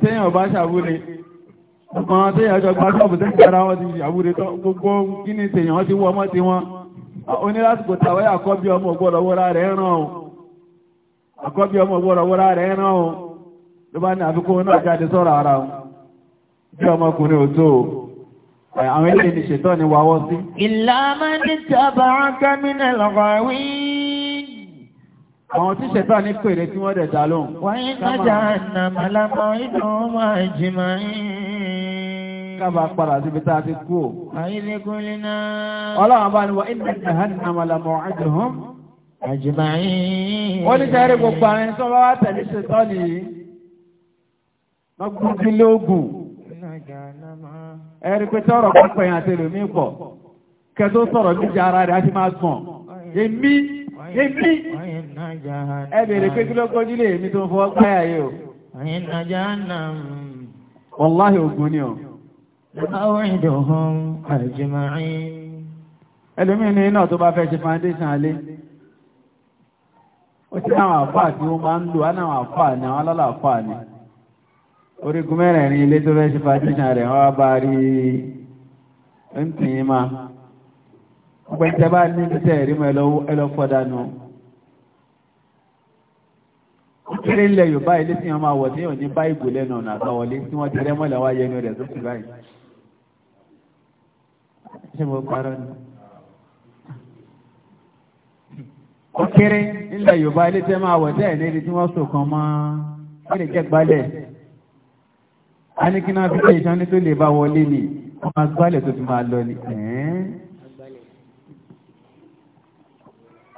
tẹ́yàn bá ọkàn ọjọ́ ṣọ́ọ̀bù ara wọn ti tó gbogbo kí ni ti ti ní lásìkò ọmọ rẹ̀ ràn o àkọ́bí ọmọ rẹ̀ ràn o ló bá ní àfikún náà jáde sọ́rọ̀ ara ọmọkùnrin Àwọn ilé ni ṣètọ́ ni wàwọ́ sí. Ìlàmà ní tàbà kámínà lọ́gbàwí. Àwọn tí ṣètọ́ ní pèrè tí wọ́n dẹ̀ dá lóhùn. Wáyé nájà nà màlámọ́ ìdùn máa jìmá yìí. Kábà padà síbi tá a ti kú. Àyílé kúlé náà. Ọlọ́run bá ní wọ́n ìdí ìdáhánà màlámọ́ àjùhùn. ẹ̀rí pé tí ọ̀rọ̀ pápá yẹn àti ẹlòmíì pọ̀ kẹtó sọ̀rọ̀ ara rẹ̀ á máa sàn èmi èmi ẹ bèrè pé kí ló èmi tó ń fọwọ́ páyà yìí o. wàláhì ògùn ni o. ẹlòmíì iná tó bá fẹ́ ṣe foundation ó ti àfáà tí wọ́n máa ń lò á àfáà ni àwọn alálàáfáà orígun mẹ́rẹ̀ẹ̀rin ilé tó fẹ́ ṣe fàtíṣàn rẹ̀ wọ́n bá rí ń tì í máa ọgbẹ́ tẹ́ bá ní títẹ̀ ìrímọ̀ ẹlọ́fọ́dánú kéré ilẹ̀ Yorùbá ilé tí wọ́n máa wọ̀ tí yóò ní bá ìgbò lẹ́nu ọ̀nà àtàwọlé tí wọ́n ti rẹ́ mọ́lẹ̀ wáyé ẹnu rẹ̀ tó ti báyìí ṣe ilẹ̀ Yorùbá ilé tẹ́ máa wọ̀ tẹ́ ẹ̀ ní ibi tí wọ́n sọ kan mọ́ kí lè jẹ́ gbálẹ̀ a ní kí náà fi ṣe ìṣánní tó lè bá wọlé ni wọ́n máa gbálẹ̀ tó fi máa lọ ni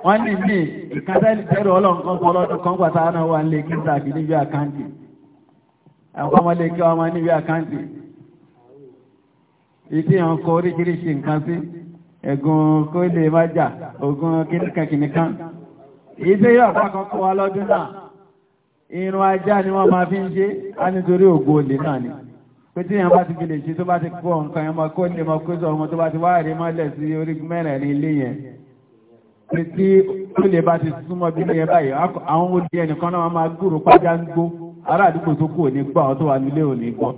wọ́n ní mí ìkádẹ́lì tẹ́rù ọlọ́nkan kan lọ́dún kan pàtà náà wà nílé kí tàbí níbi àkáǹtì àwọn ọmọlé kí wọ́n máa níbi àkáǹtì ìdí àwọn kọ oríṣiríṣi nǹkan sí ẹ̀gùn kó lè má jà ògùn kíníkan kíníkan ìdí yóò àpá kan wa lọ́dún náà irun ajá ni wọ́n máa fi ń ṣe á nítorí ògo olè náà ni pé tí èèyàn bá ti fi lè ṣe tó bá ti pọ̀ nǹkan ẹmọ kó lè mọ kó sọ ọmọ tó bá ti wá rí mọ́lẹ̀ sí orí mẹ́rẹ̀ẹ̀rin ilé yẹn pé tí ó lè bá ti súnmọ́ bí ilé yẹn báyìí àwọn olè ẹnìkan náà máa gbúrò pájá ń gbó ará àdúgbò tó kù ní gbọ́ àwọn tó wà nílé òní gbọ́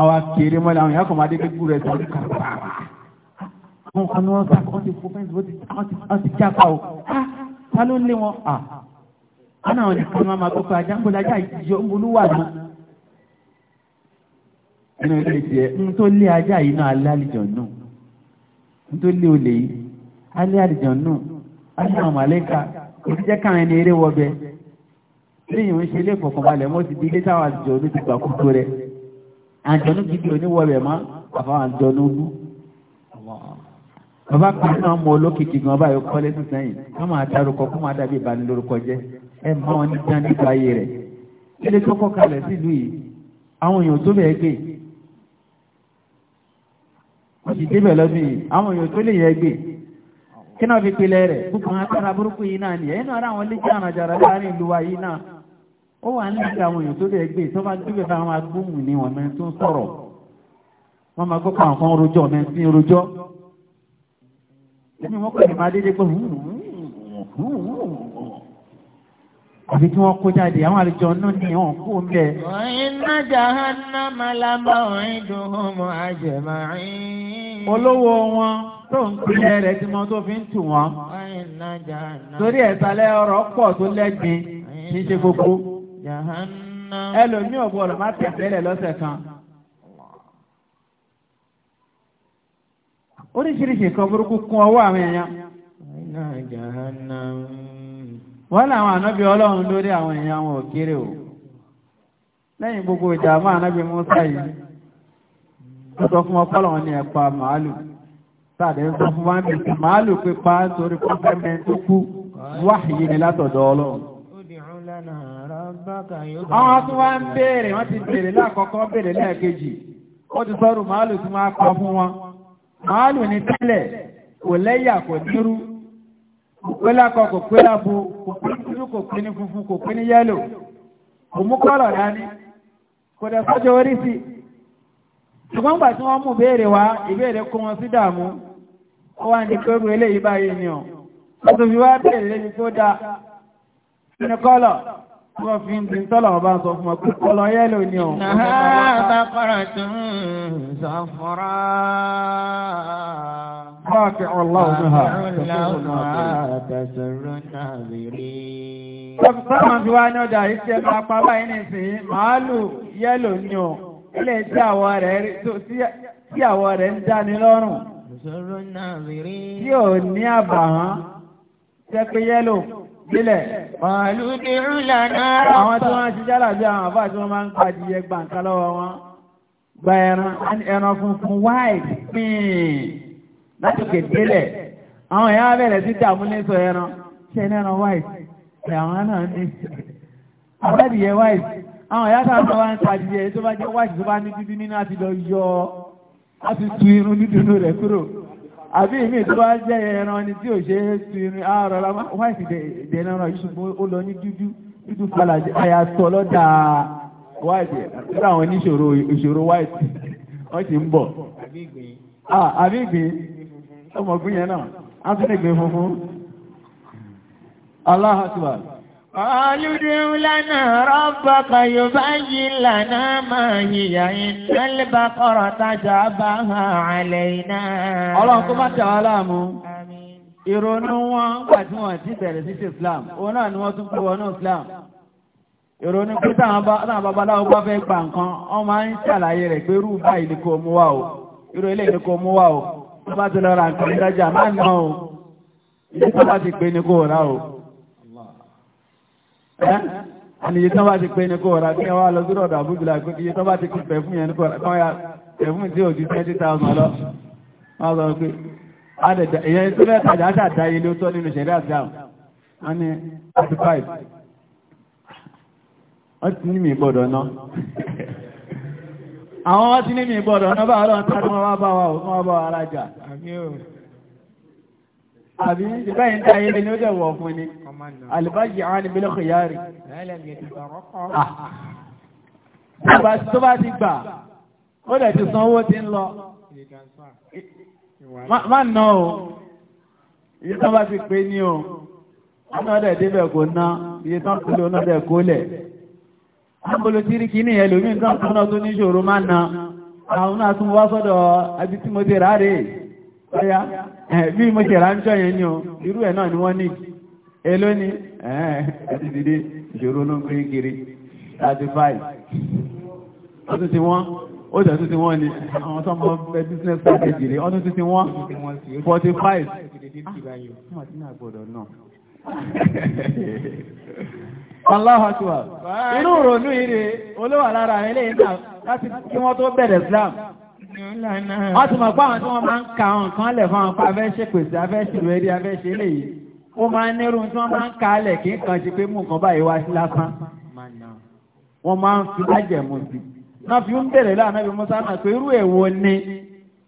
àwọn akéré mọ́lẹ̀ àwọn ìyákọ̀ máa dé gbúrò ẹ̀sán ní kàràrà kan ní Ana àwọn nìkan máa máa kópa jágbólájà ìjọ olúwà ni inú ilé tiẹ̀ ń tó lé ajá yìí náà alẹ́ àlìjọ náà ń tó lé olè yìí alẹ́ àlìjọ náà alẹ́ àwọn màlẹ́ka kò jẹ́ káàrin ní eré wọbẹ lẹ́yìn òun ṣe ilé ìfọ̀kànbalẹ̀ mọ́ ti di ilé táwọn àjọ ló ti gbà kú tó rẹ àjọ̀nú gidi oníwọ̀bẹ̀ mọ́ àfàwọn àjọ̀nú bú bàbá kan náà mọ olókìkí gan báyìí kọ́lé sísẹ́yìn wọ́n máa dárúkọ kó máa dàbí ìbánilórúkọ jẹ́ ẹ bá wọn nígbà nípa ayé rẹ̀ ilé tó kọ́ kalẹ̀ sílùú yìí àwọn èèyàn tó bẹ̀ẹ́ gbé wọ́n ti débẹ̀ lọ́dún yìí àwọn èèyàn tó lè yẹ gbé kí náà fi pilẹ̀ rẹ̀ gbogbo àwọn akára burúkú yìí náà nìyẹn náà ráwọn lè jẹ́ àràjàrà láàrin ìlú wa yìí náà ó wà nílùú àwọn èèyàn tó lè gbé tó bá dúbẹ̀ bá àwọn agbóhùn ni wọ́n mẹ́rin tó ń sọ̀rọ̀ wọ́n máa gbọ́ pàǹkan rojọ́ mẹ́rin sí rojọ́ èmi wọ́n kọ́ ìmọ̀ pé hùwù àbí tí wọ́n kó jáde àwọn àlejò náà ní wọn kó ń bẹ. iná jahannama lábá òun dùnmọ́ àjẹmáyìn. olówó wọn tó ń pilẹ̀ rẹ̀ tí wọ́n tó fi ń tù wọ́n. torí ẹ̀sàlẹ̀ ọ̀rọ̀ pọ̀ tó lẹ́gbin kì í ṣe gbogbo. ẹlòmíì ò gbọ́dọ̀ má tẹ̀sílẹ̀ lọ́sẹ̀ kan. oríṣiríṣi nǹkan burúkú kún ọwọ́ àwọn èèyàn. wọ́n làwọn ànábì ọlọ́run lórí àwọn èèyàn wọn ò o lẹ́yìn gbogbo ìjà máa ànábì Mùsá yìí ó sọ fún ọpọlọ ní ẹ̀pa màálù sáàdé ń sọ fún wọn bí i màálù pípa torí pọ́fẹ́mẹ́ tó kú ni látọ̀dọ̀ ọlọ́run kò pé lákọ bu pé lábo kò pé ní dúdú kò pé ní funfun kò pé ní yẹ́lò kò mú kọ́lọ̀ dání kò dẹ̀ sọ́jọ́ orí sí ṣùgbọ́n gbà tí wọ́n mú béèrè wá ìbéèrè kó wọn sí dààmú ó wá ní pé eléyìí báyìí ni ọ̀ ọ̀tún fi wá béèrè lẹ́ni tó dáa nínú kọ́lọ̀ Wọ́n fi ń bí tọ́lọ̀ ọba sọ fún ọkùn ọlọ yẹ́lò ní ọ̀hún. Náà bákọ̀rọ̀ tún sàfọ́rá. Báàkì ọlọ́run ha. Sọ́kùsọ́mọ̀ fi wá ní ọjà ìṣẹ́ máa pa báyìí nìsín, màálù yẹ́lò ní ọ̀. Ilé tí àwọ̀ rẹ̀ ń dáni lọ́rùn. Tí ò ní àbàwọ́n, jẹ́ pé yẹ́lò. Bílẹ̀. Pàlú ní ìlànà rọ̀. Àwọn tí wọ́n ti jálà bí àwọn àbá tí wọ́n máa ń pa adìyẹ gbà ń ká lọ́wọ́ wọn. Gba ẹran, ẹran funfun wáìdì pín láti kèdélẹ̀. Àwọn èèyàn bẹ̀rẹ̀ sí dààmú lẹ́sọ̀ ẹran. Ṣé ní ẹran wáìdì? Ẹ̀ àwọn náà ní. Abẹ́dìyẹ wáìdì. Àwọn èèyàn sáà sọ wá ń pa adìyẹ tó bá jẹ́ wáìdì tó bá ní dídí nínú àti lọ yọ àbí ìmí tó bá jẹ́ ẹran ni tí ò ṣe é tu irin ààrọ̀ lámá wáìsì dẹ̀nà ọ̀rọ̀ yìí ṣùgbọ́n ó lọ ní dúdú dúdú falà àyàtọ̀ lọ́dà àwọn oníṣòro ìṣòro wọ́n ti ń bọ̀. ọmọ yẹn náà á tún قالوا ادع لنا ربك يبين لنا ما هي إن البقرة علينا bá ìrònú wọn ti bẹ̀rẹ̀ sí islam òun náà ni wọ́n tún kó wọnú islam ìrònú pé táwọn babaláwo bá fẹ́ gbà nǹkan wọ́n máa ń ṣàlàyé rẹ̀ pé rú báyìí ni kò mú wá o irú ilé ni kò mú ní àníyé tán bá ti pé ní kó ọ̀rá tí lọ sórí ọ̀dọ̀ àbújùlá pé iye bá ti pè fún yẹn ní ọ̀rá ya pẹ̀fún tí ò ju 20,000 lọ wọ́n pé àbí ìbáyìí ta ayé ni ó dẹ̀ wọ̀ fún ni alìbájì àwọn ìbílẹ̀ kìyàrí ah. tó bá ti gbà ó dẹ̀ ti san owó ti ń lọ má ná o iye tán bá ti pé ní o ọ̀nà ọ̀dẹ̀ débẹ̀ kò ná iye tán tó lò náà dẹ̀ kó lẹ̀ ámbolo tí rí ní ẹlòmí nǹkan tó náà tó má ná àwọn náà tún wá sọ́dọ̀ àbí tí Ọya bí mo ṣe ránṣọ́ yẹn o, irú ẹ̀ náà ni wọ́n ní. Èló ni ẹ̀ẹ́dì dìde ìṣòro ló ń gbé kiri thirty Ọdún ti wọ́n, ti wọ́n ni, àwọn tó mọ bẹ business package rẹ̀, ọdún ti wọ́n forty five. Inú ìrònú ire olówà lára ilé láti kí wọ́n tó bẹ̀rẹ̀ wọ́n ti mọ̀ pé àwọn tí wọ́n máa ń ka àwọn nǹkan lẹ̀ fún àwọn pa abẹ́ ṣèpèsè abẹ́ ṣèlú ẹ̀rí abẹ́ ṣe léyìí ó máa ń nírun tí wọ́n máa ń ka lẹ̀ kí nǹkan ṣe pé mú nǹkan báyìí wá sí lásán wọ́n máa ń fi lájẹ̀mú sí i náà fi ń bèrè lánàá bí musa náà pé irú èwo ni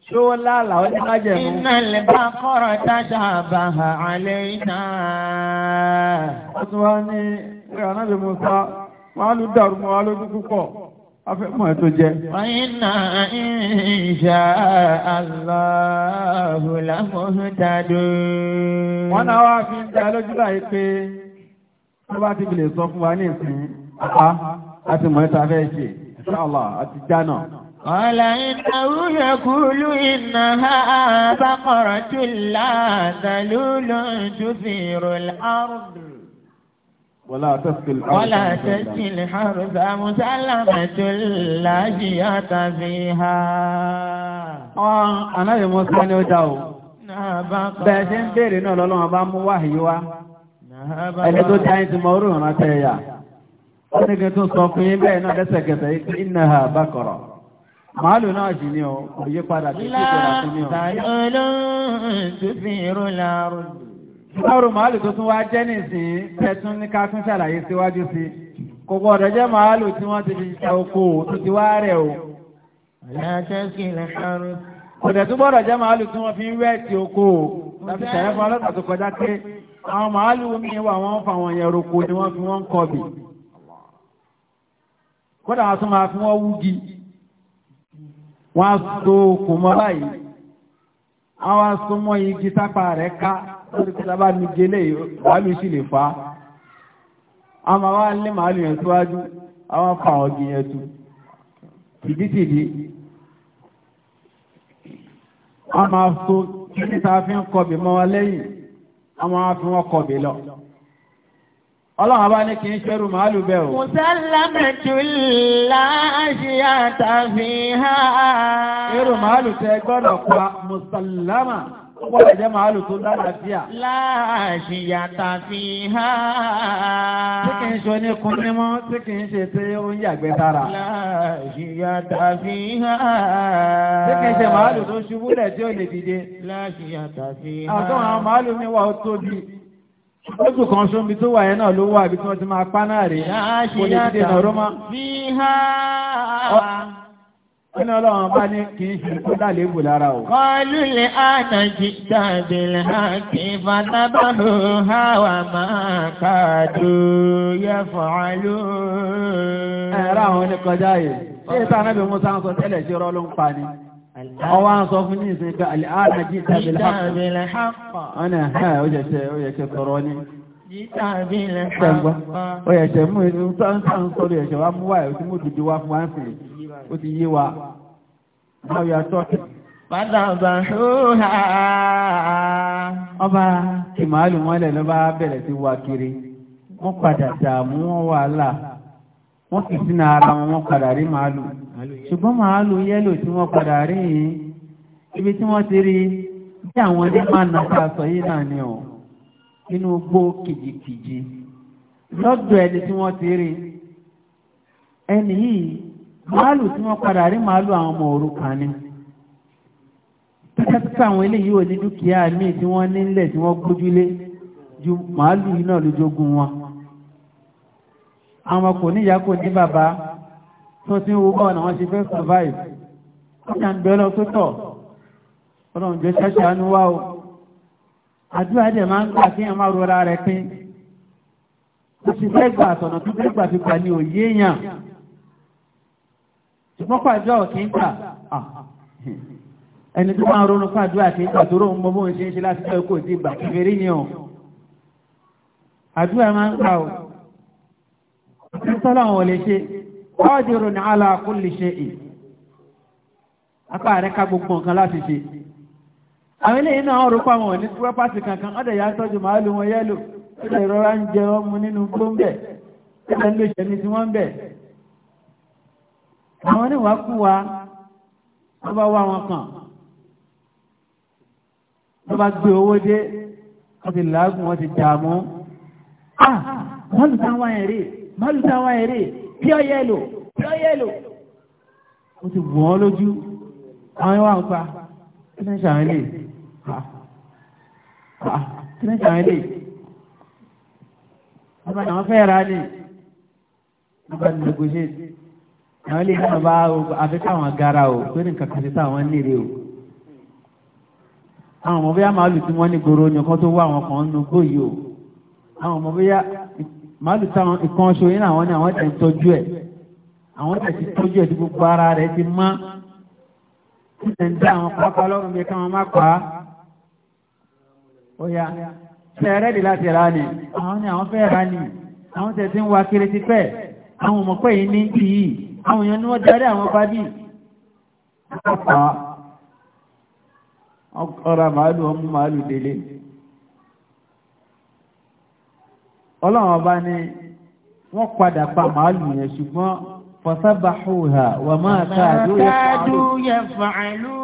ṣé ó lálà ó ní lájẹ̀mú. iná lè bá kọ́rọ̀ dájà àbàhà àlẹ́ iná. ó tún wá ní ìrànlọ́bì afẹ́ mọ̀ ẹ̀ tó jẹ́. Ọ̀yìnà insha Allahu lamuhtadu. Wọ́n náà wá fi ń dá lójú láì pé tó bá ti bìlè sọ fún wa ní ìsìn apá àti mọ̀ ẹ́ta fẹ́ ṣe, insha àti jánà. Ọ̀là ìnáwó yẹ̀kúlú iná ha bá tó láàdà lólóòjú fèrò lárùn. ولا تسقي الحرث ولا تسقي الحرث مسلمة لا جية فيها اه انا يوم سنه داو bẹ́ẹ̀ ṣe ń béèrè náà lọ́lọ́wọ́n bá mú wáyé wá ẹni tó dáyé ti mọ orí ọ̀nà tẹ́ ẹ̀yà ó ní kí tún sọ fún yín bẹ́ẹ̀ náà lẹ́sẹ̀kẹsẹ̀ iná ha bá kọ̀rọ̀ màálù náà jì ní ọ kò yí padà tó kí kò rà sí ní ọ. Báwo màálù tó tún wá jẹ́ nìsín tẹ́tún ní ká tún ṣàlàyé síwájú sí. Kò gbọ́dọ̀ jẹ́ màálù tí wọ́n ti fi ṣe oko tó ti wá rẹ̀ o. Kò dẹ̀ gbọ́dọ̀ jẹ́ màálù tí wọ́n fi ń wẹ̀ oko o. Láti ṣàyẹ̀ fún ọlọ́pàá tó kọjá pé àwọn màálù mi wà wọ́n fa àwọn yẹn roko ni wọ́n fi wọ́n ń kọbì. Kódà wọ́n tún máa fi wọ́n wúgi. Wọ́n á so kò mọ́ báyìí. Àwọn asomọ́ igi sápá rẹ̀ ká lórí tí lábá ní gẹ́lẹ̀ ìwàlú sí lè fa a ma wá ní màálù yẹn síwájú a wá fa ọgbìn yẹn tu tìdítìdí a máa so kí ta fi ń kọbì mọ́ wa lẹ́yìn a máa fi wọ́n kọbì lọ Ọlọ́run bá ní kí ń ṣẹ́rù màálù bẹ́ Mùsàlámà. Ọgbọ́dọ̀ jẹ́ màálù tó lálàáfíà. Láàṣìyà tàfi há. Tí kìí ṣe oníkun mímọ́, tí kìí ṣe tí ó ń yàgbẹ́ sára. Láàṣìyà tàfi há. Tí kìí ṣe màálù tó ṣubú lẹ̀ tí ó lè dìde. Láàṣìyà tàfi há. Àtọ́ àwọn màálù mi wà ó tóbi. Ojú kan ṣóbi tó wà yẹn náà ló wà bí tí wọ́n ti máa pa náà rèé. Láàṣìyà tàfi há. Kí ni ọlọ́run bá ní kì í ṣe kó dálébù lára o? Kọlu lè ánà jí dàbí láti fàtàbàrò háwà máa kàdó yẹ fọ́ọ̀lú. Ẹ̀rọ àwọn oníkọjá yìí, ṣé ìta anábì Musa ń sọ tẹ́lẹ̀ ṣe rọ́ ló ń pa ni? Ọwọ́ ń sọ fún yìí sínú pé àlè ánà jí dàbí láàpọ̀. Ọ̀nà ẹ̀ ó yẹ ṣe sọ̀rọ̀ ni. Ṣẹ̀gbọ́n, ó yẹ ṣe ó ti mú dùdú wá fún ó ti yé wa now you are talking. Fàdàbàṣúhà. Ọba ìmàálù mọ́lẹ̀ ló bá bẹ̀rẹ̀ sí wa kiri. Wọ́n padà dààmú wọn wàhálà. Wọ́n kì na ara wọn padà rí màálù. Ṣùgbọ́n màálù yẹ́lò tí wọ́n padà rí yìí. Ibi tí wọ́n ti rí bí àwọn ilé máa nà ká sọ yìí náà ni ọ̀. Inú gbó Lọ́dọ̀ ẹni tí wọ́n ti rí. Ẹni yìí màálù tí wọ́n padà rí màálù àwọn ọmọ òrukàn ni tẹ́tẹ́tẹ́ àwọn eléyìí ò ní dúkìá míì tí wọ́n nílẹ̀ tí wọ́n gbójúlé ju màálù yìí náà ló jogún wọn àwọn kò níyà kò ní bàbá tó ti ń wo bọ́ọ̀ náà wọ́n ti fẹ́ survive ọjà ń bẹ́ẹ̀ lọ tó tọ̀ ọlọ́run jẹ́ ṣáṣánú wá o àdúrà dẹ̀ máa ń gbà kí ẹ má rọra rẹ̀ pín ó gbà àtọ̀nà tó fẹ́ gbà fi gbà ní òye yàn ṣùgbọ́n pàdúrà ò kí ń tà ẹni tó máa ronú pàdúrà kí ń tà tó ròun gbogbo ṣe ń ṣe láti fẹ́ kò sí ìgbà kékeré ni ọ̀ àdúrà máa ń gbà ọ̀ ṣe sọ́lá wọn lè ṣe ọ́dìrò ní ala kulli shay'i apá rẹ̀ ká gbogbo nǹkan láti ṣe àwọn eléyìí náà rò pa wọn ní pírọ́pàtì kankan ọ̀dẹ̀ yà ń tọ́jú màálù wọn yẹ́lò ó lè rọra ń jẹ ọmọ nínú gbóńbẹ̀ ó àwọn oníwàá kú wa wọ́n bá wá wọn kàn wọ́n bá gbé owó dé wọ́n ti làágùn wọ́n ti dààmú. mọ́lù táwọn èrè mọ́lù táwọn èrè pure yellow pure yellow. ó ti wọ̀ lójú àwọn ẹwà ń pa kí ló ń ilé kí ló ń ilé wọ́n bá ní àwọn fẹ́ ra ni wọ́n bá ní negotiate àwọn ilé náà bá àfi káwọn gara o pé nǹkan kan ti táwọn níre o àwọn ọmọ bóyá màálù tí wọ́n ní goro ni kan tó wá àwọn kan nu gbòòyì o àwọn ọmọ bóyá màálù táwọn ìkan ṣo yín àwọn ni àwọn tẹ̀ ń tọ́jú ẹ̀ àwọn tẹ̀ ti tọ́jú ẹ̀ tí gbogbo ara rẹ̀ ti mọ́ tẹ̀ ń dá àwọn pápá lọ́rùn bí káwọn má pa á ó yá tẹ̀rẹ́ di láti ra ni àwọn ni àwọn fẹ́ ra ni àwọn tẹ̀ ń wa kiri ti pẹ́ àwọn ọmọ pẹ́ yìí ní bí àwọn èèyàn ni wọ́n darí àwọn fàájì ọ̀pá ọ̀rà màálù ọmú màálù délé ọlọ́run ọba ni wọ́n padà pa màálù yẹn ṣùgbọ́n fasabahuha wà máa káàdù yẹfàálù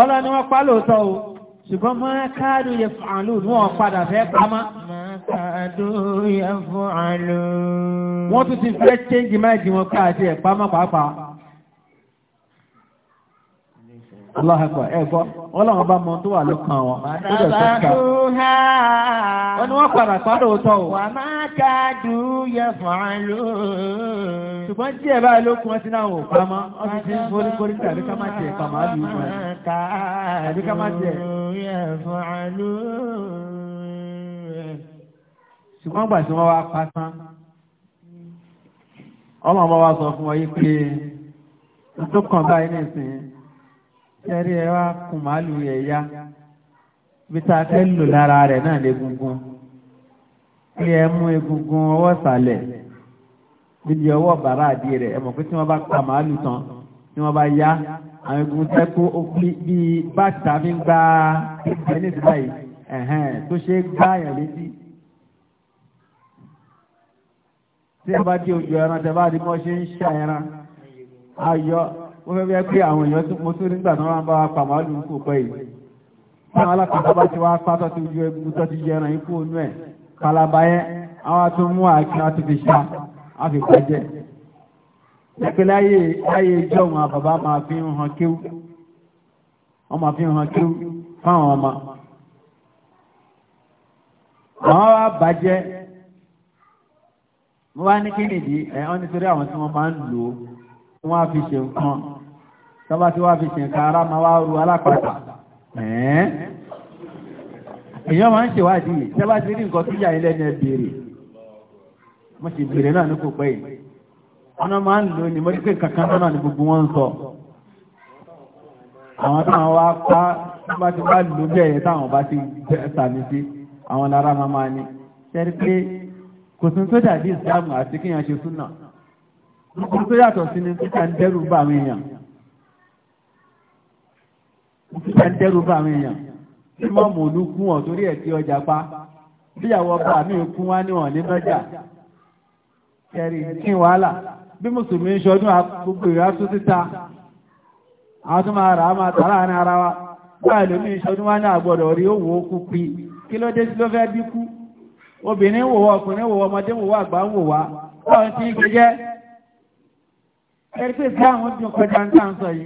ọlọ́run ni wọ́n pa lóòótọ́ o ṣùgbọ́n máa padà fẹ́ pamọ́ kàdó yẹ fún àlò. wọ́n tún ti fẹ́ change máìkì wọn ká àti ẹ̀pá má pàápàá. Allah akọ̀ ẹ̀gbọ́ ọlọ́run bá mọ tó wà lọ́kàn wọn. Bàbáàdù ha. Wọ́n ní wọ́n padà padà òótọ́ o. Wà máa kàdú yẹ fún àlò. Ṣùgbọ́n díẹ̀ báyìí ló kún ọtí náà ò pamọ́. Wọ́n ti ti ń forí forí tàbí ká má tiẹ̀ pamọ́ àbí wọn. Tàbí má Kàdú yẹ fún àlò ṣùgbọ́n gbà tí wọ́n wá pa tán ọlọ́mọ wa sọ fún ọ yí pé tó kàn báyìí nìsín ṣẹ́rí ẹ wá kùn màálù ẹ̀yà bí tá a fẹ́ lò lára rẹ̀ náà légungun pé ẹ mú egungun ọwọ́ sàlẹ̀ níbi ọwọ́ bàrá àdí rẹ̀ ẹ mọ̀ pé tí wọ́n bá pa màálù tán tí wọ́n bá yá àwọn egun tẹ́kù bíi bá tàbí gbá ẹni tí báyìí tó ṣe é gbá àyàn létí. tí ẹ bá dé ojú ẹran tẹ bá rí mọ́ ṣe ń ṣà ẹran ayọ́ ó fẹ́ bẹ́ pé àwọn èèyàn mo tún nígbà náà wọ́n bá wa pa màálù ń kò pẹ́ yìí táwọn alákàtà bá ti wá pátọ́ ti ju egungun tó ti jẹ ẹran ikú onú ẹ̀ kalaba yẹn àwọn ọmọ àwọn bàjẹ́ mo wá ní kí nìdí ẹ̀ ọ́ nítorí àwọn tí wọ́n máa ń lò ó wọ́n á fi ṣe nǹkan tọ́ba tí wọ́n á fi ṣe nǹkan ara máa wá ru alápàtà ẹ̀ẹ́n èèyàn máa ń ṣèwádìí tẹ́bá ti rí nǹkan tó yà ilẹ̀ ní ẹbèrè mo sì bèrè náà ní kò pẹ́ yìí ọ̀nà máa ń lò ní mo dípé kankan náà ní gbogbo wọn ń sọ àwọn táwọn wá pa bá ti bá lò bẹ́ẹ̀ táwọn bá ti sàmì sí àwọn lára máa máa ní ṣẹ́rí pé kò tún tó dàbí ìsìlámù àti kíyàn ṣe súnà nítorí tó yàtọ̀ sí ni títà ń dẹ́rù bá àwọn èèyàn títà ń dẹ́rù bá àwọn èèyàn tí mọ́mù olú gún ọ̀ torí ẹ̀ tí ọjà pa bíyàwó ọba mi kún wá níwọ̀n ní lọ́jà kẹrì kí wàhálà bí mùsùlùmí ń ṣọdún gbogbo ìrà tó títa àwọn tó máa rà á máa tààrà ní ara wa báyìí lómi ìṣọdún wá ní àgbọ̀dọ̀ rí òwò ó kú pi kí ló dé sí ló fẹ́ bí kú obìnrin wò wá ọkùnrin wò wá ọmọdé wò wá àgbà ń wò wá báwọn ti ń gbẹjẹ ẹgbẹ́ ìsáàmù dùn kọjá ń tàn yìí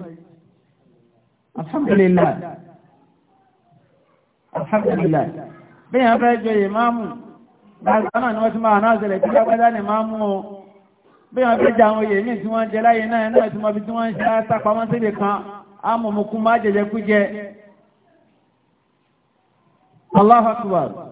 alhamdulillah alhamdulillah bí yàn fẹ́ jẹ ìmáàmù gbàgbọ́nà ni wọ́n ti máa náà zẹlẹ̀ tí lágbádá ni máa mú o bí wọ́n fẹ́ jẹ àwọn èèyàn tí wọ́n jẹ láyé náà náà tí wọ́n fi tí wọ́n ń ṣe àtàpamọ́ síbi kan amòmùkú má jẹjẹ kú jẹ Allahu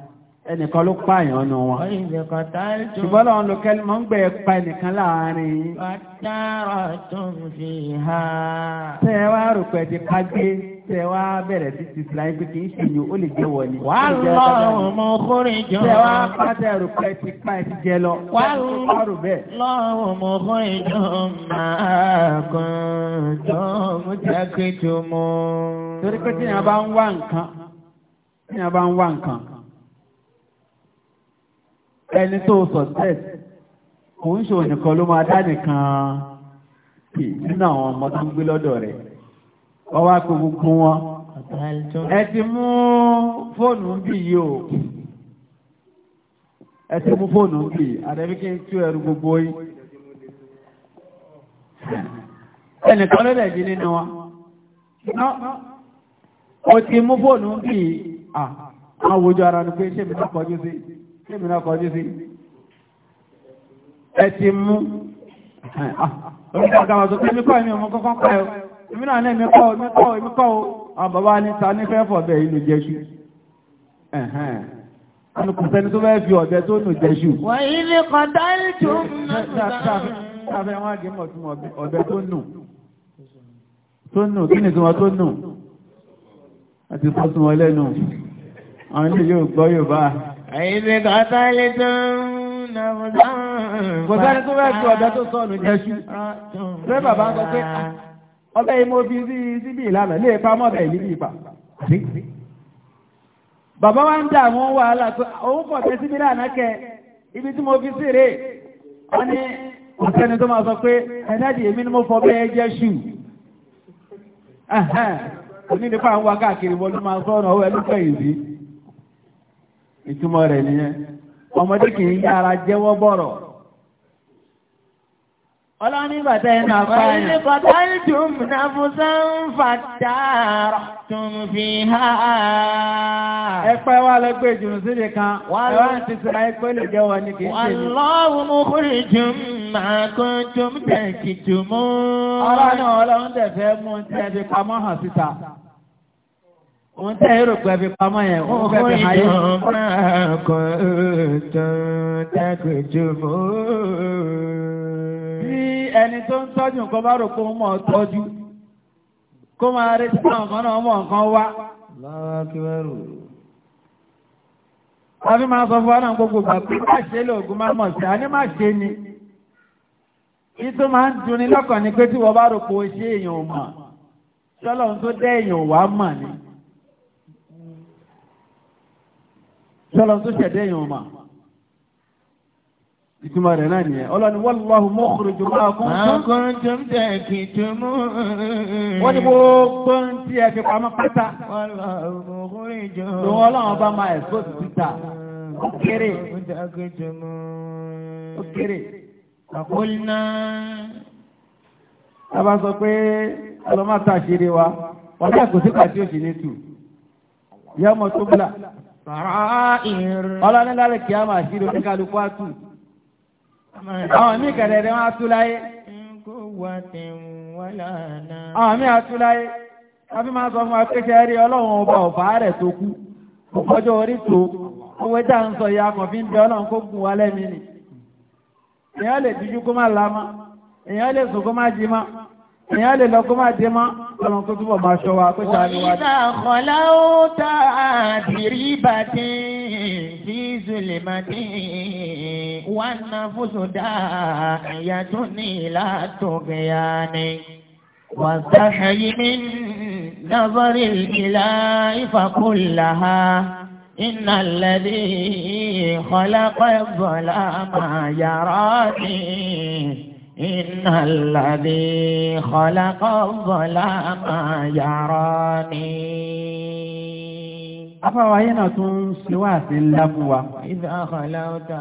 ẹnìkan ló pààyàn nù wọn. ṣùgbọ́n lọ́wọ́n ló kẹ́lí mọ́ ń gbẹ̀ pa ẹnìkan láàrin. bàtàrà tún fi hà. tẹ́ ẹ wá rò pé ti kágbé tẹ́ ẹ wá bẹ̀rẹ̀ sí ti fìlà ibi kì í ṣe yòó ó lè jẹ́ wọ̀ ni. wà á lọ ọmọ kórè jọ. tẹ́ ẹ wá pàtẹ́ rò pé ti pa ẹ ti jẹ lọ. wà á lọ ọmọ kórè jọ máa kàn jọ mú jákèjọ mọ́. torí pé tí yàrá bá ń wá nǹkan tí yàrá bá ń wá nǹkan ẹni tó success kò ń ṣe ònìkan ló máa dá nìkan pè nínú àwọn ọmọ tó ń gbé lọ́dọ̀ rẹ̀ ọwọ́ àpò gbogbo wọn ẹ ti mú fóònù bí yìí o ẹ ti mú fóònù bí àdẹ́bí kí n tú ẹrù gbogbo yìí ẹnìkan ló dẹ̀ nínú wọn ó ti mú fóònù bí i àwọn ara ni pé ṣé mi ló kọjú sí i tèmi náà kọjú sí ẹ ti mú orílẹ̀-èdè àgbàmọ̀ tó pé míkọ́ ìmí ọmọ kọ́kọ́ kọ́ ẹ̀ ìmí náà lẹ́mí kọ́ ìmí kọ́ ìmí kọ́ àwọn bàbá ní ta ní fẹ́ fọ̀bẹ̀ ìlú jẹ́ṣù ẹ̀hẹ́n ọ̀nà kò sẹ́ni tó fẹ́ fi ọ̀bẹ tó nù jẹ́ṣù. wọ́n yìí ní kọ́dá ìtò àwọn ilé yóò gbọ́ yóò bá àyíṣẹ́ kàtà ilé tán bàbá sọ ń dà wọ́n wàhálà pé òun kọ̀ tẹ́ ibi tí mo fi sí wọ́n ní ọ̀sẹ́ni tó máa sọ pé ẹ̀dáàdì èmi ni mo fọ bẹ́ẹ̀ jẹ́sú onílé fáwọn wákàkiri wọlé máa ìtumọ̀ rẹ̀ nìyẹn ọmọdé kì í yára jẹ́wọ́ bọ̀rọ̀ ọlọ́ni bàtà ẹ̀nà àpáyà wọ́n ní bàtà ìdùn fàtàrà tún fi ha ẹ̀pẹ́ wà lọ́gbẹ́ ìjùn sílẹ̀ kan wọ́n ti sọ lè jẹ́wọ́ ní kìí ṣe jùm máa Òun tẹ́ èrò pé pamọ́ yẹn, ó fẹ́ fi Ó máa kọ́ òótọ́ dágbèjò mọ́. Bí ẹni tó ń tọ́jú nǹkan bá rò pé mọ̀ tọ́jú, gbogbo ìgbà pé má ṣe mọ̀ sí, a ni. máa ń dunni lọ́kàn ni pé tí wọ́n bá rò ṣe èèyàn mọ̀. Sọ́lọ́run sọlọ tó ṣẹ̀dẹ̀ yẹn mà ìtumọ̀ rẹ̀ náà nìyẹn ọlọ́ni wàlúwàhù mọ́kùrùjù máa kún tún. àkọ́rọ́ tó ń tẹ̀ kì í tún mú. wọ́n ní gbogbo ń tí ẹ fi pamọ́ pátá. wàlúwàhù mọ́kùrùjù. lòun ọlọ́run bá máa ẹ̀fọ́ títà ó kéré. ó kéré. àkólínà. tábà sọ pé ọlọ́mọ àtàṣírí wa ọ̀dọ́ àkọsíkà tí ó sì ní tù yá ọmọ tó bùlà. ọlọ́ni lálẹ́ kí a máa ṣírò ní àtù àwọn mí kẹ̀lẹ̀ rẹ̀ wọ́n atúláyé àwọn mí atúláyé wọ́n máa sọ fún akéṣẹ́ rí ọlọ́run ọba ọ̀fà rẹ̀ tó kú ọjọ́ orí tó owó tá ń sọ ìyá kan fi ń bẹ ọlọ́run kó gùn lẹ́mí ni èèyàn lè kó Ọlọ́run kó túbọ̀ máa ṣọ́ wa kó ṣàánú wa. Wọ́n ìdá ọ̀kọ̀lá ó ta àdìrí bàtí sí Zulimadi. Wọ́n na fóso dá ẹ̀yà tó ní ìlà ni. Wọ́n sáhàyí mi nàbọ̀rì ìlà ìfàkúnláha. إن الذي خلق الظلام يراني إن الذي خلق الظلام يراني أفوهنا تنسوا سلفوا إذا خلوت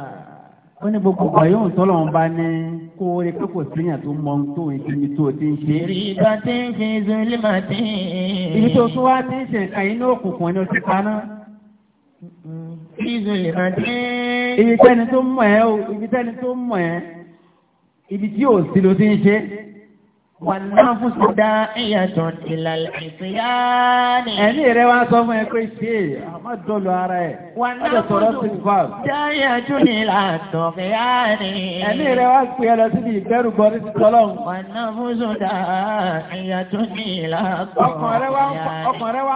ó ní gbogbo ọ̀pọ̀ yóò tọ́lọ̀ ń bá ní kó rí pé kò síyàn tó mọ tó ìsinmi tó ti ń ṣe. ìrìbá tí ń fi zoli mà tí. ibi tó tún wá ti ń ṣe nǹkan inú òkùnkùn ni ó ti paná. fi zoli mà tí. ibi tẹ́ni tó mọ̀ ẹ́ o ibi tẹ́ni tó mọ̀ ẹ́ ibi tí ò sí ló ti ń ṣe Wàlúwàfún sí dá ìyàtọ̀ ìlàlẹ̀ ìfìyàní. Ẹni rẹ̀ wá sọ fún ẹkọ́ ìṣe, àmọ́ dọ́lù ara ẹ̀. Wàlúwàfún sí dá ìyàtọ̀ ìlàtọ̀ ìfìyàní. Ẹni rẹ̀ wá pè ẹ lọ síbi ìbẹ̀rù bọ́rí sí tọ́lọ̀. Wàlúwàfún sí dá ìyàtọ̀ ìlàtọ̀ ìfìyàní. Ọkàn rẹ̀ wá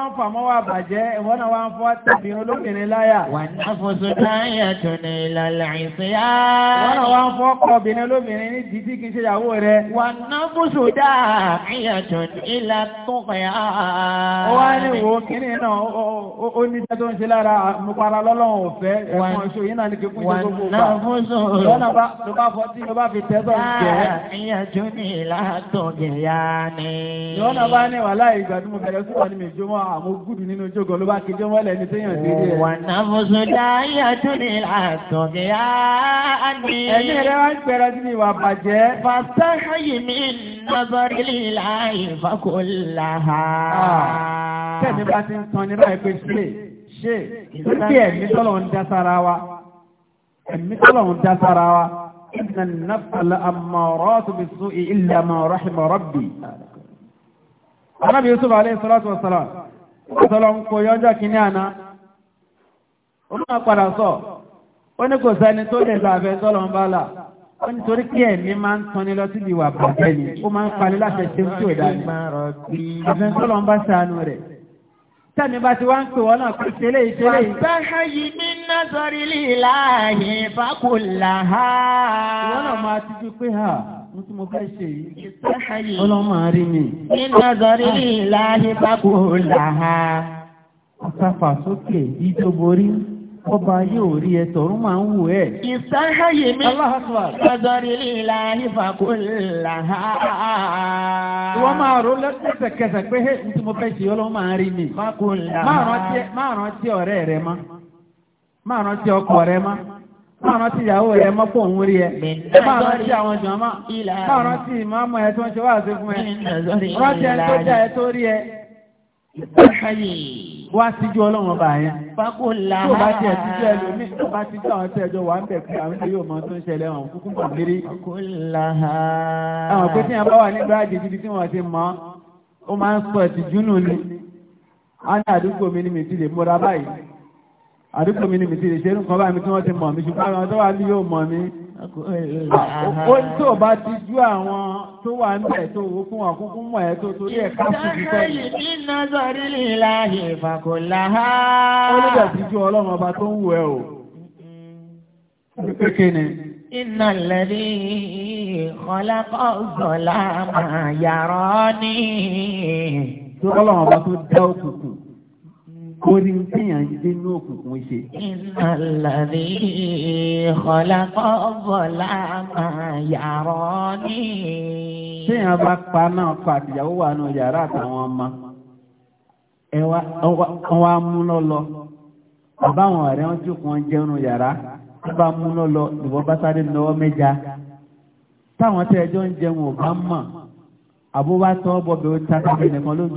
ń fà mọ́ wà bàjẹ́, ìwọ́n náà wá ń fọ́ tàbí olómìnir láyà. Wàlúwàfún sí dá ìyàtọ̀ ìlàlẹ̀ dáàyàtọ̀ ìlà tó kẹ̀yà. Ó wá ní wo kíní náà ó ní iṣẹ́ tó ń ṣe lára mupara lọ́lọ́run ọ̀fẹ́ ẹ̀fọn ṣò yín náà ní kíkún ṣe gbogbo gbà. Lọ́nà bá ló bá fọ tí ló bá fi tẹ́tọ̀ jẹ́. Dáàyàtọ̀ ìlà tó kẹ̀yà ni. Lọ́nà bá ní wàhálà ìgbà tí mo bẹ̀rẹ̀ sí wà ní mi jómọ́ àmọ́ gùdù nínú jókòó ló bá kí jómọ́ lẹ̀ ní téèyàn dé dé. Wà náà mo sọ dáàyàtọ̀ ìlà tó kẹ̀yà ni. Ẹ̀mí rẹ̀ wá ń pẹ̀rẹ̀ sí ìwà bàjẹ́. Fàtàkì mi Nabari líla ìfọkùnláha. Tẹ́mi bá ti ń tan ní báyìí pé ṣe ṣe ìdí ẹ̀mí tọ́lọ̀ ń dá sára wa. Ẹ̀mí tọ́lọ̀ ń dá sára wa. Ìdìnnà nàfàlà àmọ̀rọ̀ tó fi sún ìlà àmọ̀rọ̀ ṣìmọ̀rọ̀ bì. Anábì Yusuf alayhi salatu wa salam. Ìsọ̀lọ̀ ń kó yọjọ́ kìíní àná. Ó máa padà sọ. Ó ní kò sẹ́ni tó lè sàfẹ́ tọ́lọ̀ ń bá là ó ń torí kí ẹ̀mí máa ń tọ́ni lọ sí ìwà bàjẹ́ ni ó máa ń falẹ̀ láti ṣe tí ò dá ní ọ̀fẹ́ tọ́lọ ń bá ṣàánú rẹ̀ tẹ́mi bá ti wá ń pè náà kú ṣe léyìí ṣe léyìí. bàbá yìí mi ná sọrí líláàyè ha. ìwọ náà máa ti ju pé ha mo tún mo fẹ́ ṣe yìí. ọlọ́mọ àárí mi. mi ná sọrí líláàyè fákòlà ha. ọ̀sáfà sókè ìjọborí ọba yóò rí ẹ tọ̀rún máa ń wù ẹ́. ìsáháyè mi ọjọ́rí líla ìfàkúlàhá. wọ́n máa rò lẹ́sẹ̀kẹsẹ̀ pé hé tí mo fẹ́ ṣe ọlọ́run máa rí mi. máa rántí ọ̀rẹ́ rẹ mọ́ máa rántí ọkọ rẹ mọ́ máa rántí ìyàwó rẹ mọ́ pò ń rí ẹ. máa rántí àwọn jọ̀ọ́mọ́ máa rántí ìmọ̀ọ́mọ́ ẹ tó ń ṣe wáàsí fún ẹ. rántí ẹ tó jẹ́ ẹ tó rí ẹ. ìsáháyè wá síjú ọlọ́run ọba yẹn. Fákòlá. Tó bá tiẹ̀ síjú ẹlòmíì, tó bá síjú àwọn tí ẹjọ́ wà ń bẹ̀ pé àwọn tí yóò mọ tó ń ṣẹlẹ̀ wọn ti mọ̀ ọ́, ó máa ń sọ ni. A ní àdúgbò mi ni mi ti lè múra báyìí. Àdúgbò mi ni mi ti lè ṣerú nǹkan báyìí tí wọ́n ti mọ̀ ó ní tó bá ti jú àwọn tó wà ń bẹ̀ tó owó fún àkúnkún mọ̀ ẹ́ tó torí ẹ̀ ká sí ìfẹ́ yìí ní nọ́sọ̀rí láàyè ìfàkọ̀lá ha ó níbẹ̀ ọba tó ń wù o Iná lẹ́rí kọlákọ́ zọ̀lá máa yàrá ní. Tó Orí ń tẹ̀yàn jíde ní òkùnkùn ṣe. Ìnàlàdé ìkọlákọ́ bọ̀lá máa yàrá ní. Tẹ̀yàn bá pa náà pa àtìyàwó wà nù yàrá àtàwọn ọmọ. Ẹ wá mú lọ lọ. Bàbá àwọn ọ̀rẹ́ wọn jókòó wọn jẹun yàrá. Ó bá mú lọ lọ ìwọ́n bá sáré lọ́wọ́ mẹ́ja. Táwọn tẹ́ ẹjọ́ ń jẹun ò bá mọ̀. Àbúwá tọ́ bọ̀ bẹ́ẹ̀ ó ta sábẹ́ nìkan lójú.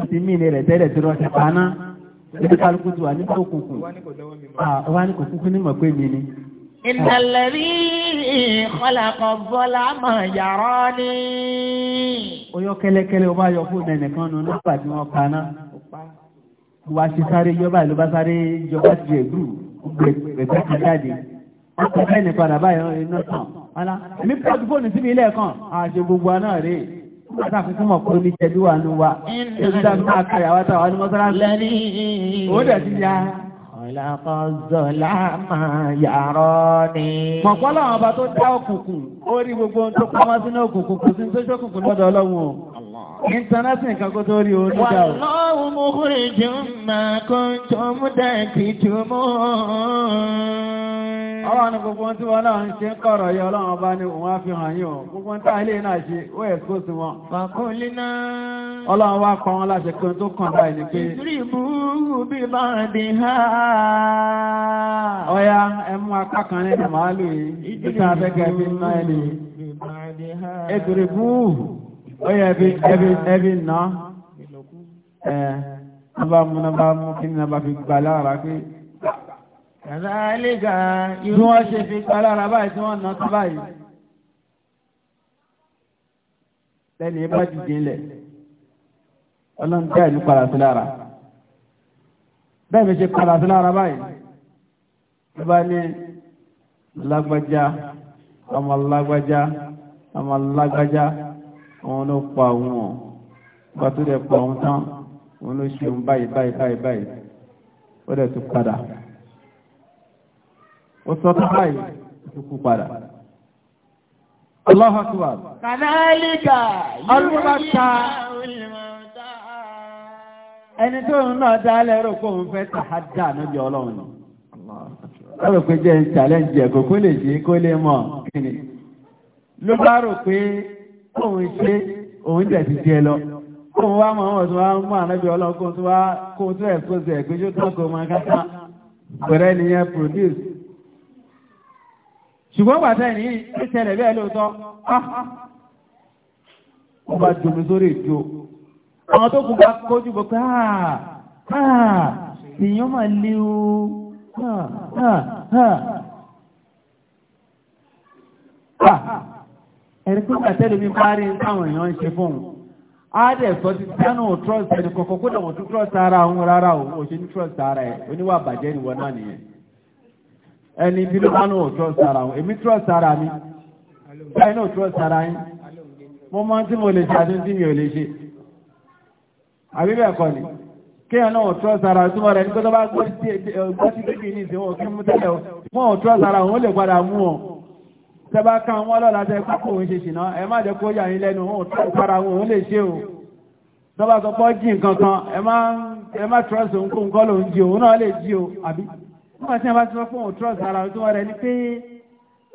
Ó ti mí ilé rẹ̀ tẹ́lẹ̀ tí wọ́n ti pa náà. Ibi kálukú ti wà ní kòkùnkùn. Wá ní kòkùnkùn ní mọ̀ pé mi ni. Ìnàlẹ́rí ìkọlàkọ̀ bọ́lá mọ̀ yàrá ni. Ó yọ kẹ́lẹ́kẹ́lẹ́ ó bá yọ fún ẹnìkan nu nígbà tí wọ́n paná. Wà á ṣe sáré yọba ìlú bá sáré jọba ju ẹ̀dù gbẹ̀gbẹ̀ kan jáde. Wọ́n ti bẹ́ẹ̀ ní padà iná tàn. Àlá, pọ́ọ̀tù fóònù sí mi ilé Àṣẹ gbogbo àná rèé. Àtàkùn fún ọkùn ní tẹ́lú wà ní wa. Èyí dá máa kàyàwátà ní mọ́sánásí. Ó dẹ̀ ti ya Àlàkọ́ zọlá máa yàrá ni. Mọ̀pọ́lọ́ àwọn ọba tó dá òkùnkùn, ó rí gbogbo ohun tó pamọ́ sínú òkùnkùn kò sí tó ṣókùnkùn lọ́dọ̀ ọlọ́run o. Ìntánẹ́sìn kan kó tó rí o ní dáa. Wà lọ́wọ́ mú kúrì jù máa kó tó mú dẹ́kì jù mú. Ọlọ́run ni gbogbo ohun tí wọ́n náà ń ṣe ń kọ̀rọ̀ yọ ọlọ́run ọba ni òun á fi hàn yín o. Gbogbo ohun tá náà ṣe, ó ẹ̀ kó sí wọn. Ọlọ́run wá pa wọn láṣẹ kan tó kàn báyìí ni pé. Ìsírí bú bí bá dín háà. Ọya ẹmú apá kan nínú màálù yìí, ìtàn abẹ́gẹ́ bí ná ẹni. Ètòrè búùhù, ọya ẹbí ná. Ẹ nọba mú nọba mú kí ni nọba fi gbà lára pé. Kàdáàlégà irú wọ́n ṣe fi gbà lára báyìí tí wọ́n ná tó báyìí. Lẹ́ni bá dìde lẹ̀, ọlọ́run jẹ́ ìlú padà sí lára bẹ́ẹ̀ mi ṣe padà sí lára báyìí ló bá ní lágbájá ọmọ lágbájá ọmọ lágbájá òun ló pa òun ọ̀ bá tó dẹ̀ pa òun tán òun ló ṣe òun báyìí báyìí báyìí báyìí ó dẹ̀ tún padà ó sọ tó báyìí ó kú padà. Allahu Akbar. Kàdáàlì kà ẹni tó ń náà dálẹ̀ rò kó ń fẹ́ tàhádà níbi ọlọ́run ni. ọ̀rọ̀ pé jẹ́ challenge ẹ̀kọ́ kó lè ṣe kó lè mọ̀ kíni. ló bá rò pé òun ṣe òun jẹ̀ ti jẹ lọ. kóun wá mọ̀ ọ́n tó wá ń mú ànábi ọlọ́run kóun tó wá kóun tó ẹ̀kọ́sẹ̀ ẹ̀gbẹ́jọ́ tó kó máa kátá. pẹ̀rẹ́ nìyẹn produce. ṣùgbọ́n bàtà ẹ̀ní ṣẹlẹ̀ bẹ́ẹ̀ lóòótọ́. Ah, ah. ó bá domi sórí ìjó àwọn tó kù bá kójú bọ̀ pé ah, ah, èèyàn máa lé o ah, ẹ̀rí pé àtẹ́lẹ̀ mi parí táwọn èèyàn ń ṣe fún un á dẹ̀ sọ ẹni kọ̀ọ̀kan ara òun rárá o ara ẹ̀ oníwà bàjẹ́ ìwọ náà nìyẹn ẹni bí bá náà ò ara òun èmi trọ́ọ̀sì ara mi báyìí náà ò trọ́ọ̀sì ara yín mo máa ń tí mo lè ṣe àti tí mi ò lè ṣe àbí bẹ́ẹ̀ kọ́ ni kéèyàn náà trọ́ sára túmọ̀ rẹ̀ nígbà tó bá gbọ́ sí kéèkì ní ìsìn wọn kí mú tẹ́lẹ̀ wọn ò trọ́ sára òun lè padà mú wọn tẹ́bá ká wọn lọ́la tẹ́ pápò òun ṣe ṣìná ẹ má jẹ́ kó yà yín lẹ́nu wọn ò trọ́ sára òun lè ṣe o tọ́ba sọ pọ́ jí nǹkan kan ẹ má trọ́ sí òun kó nǹkan lòun jí òun náà lè jí o àbí nígbà tí wọn bá ti sọ fún òun trọ́ sára túmọ̀ rẹ̀ ni pé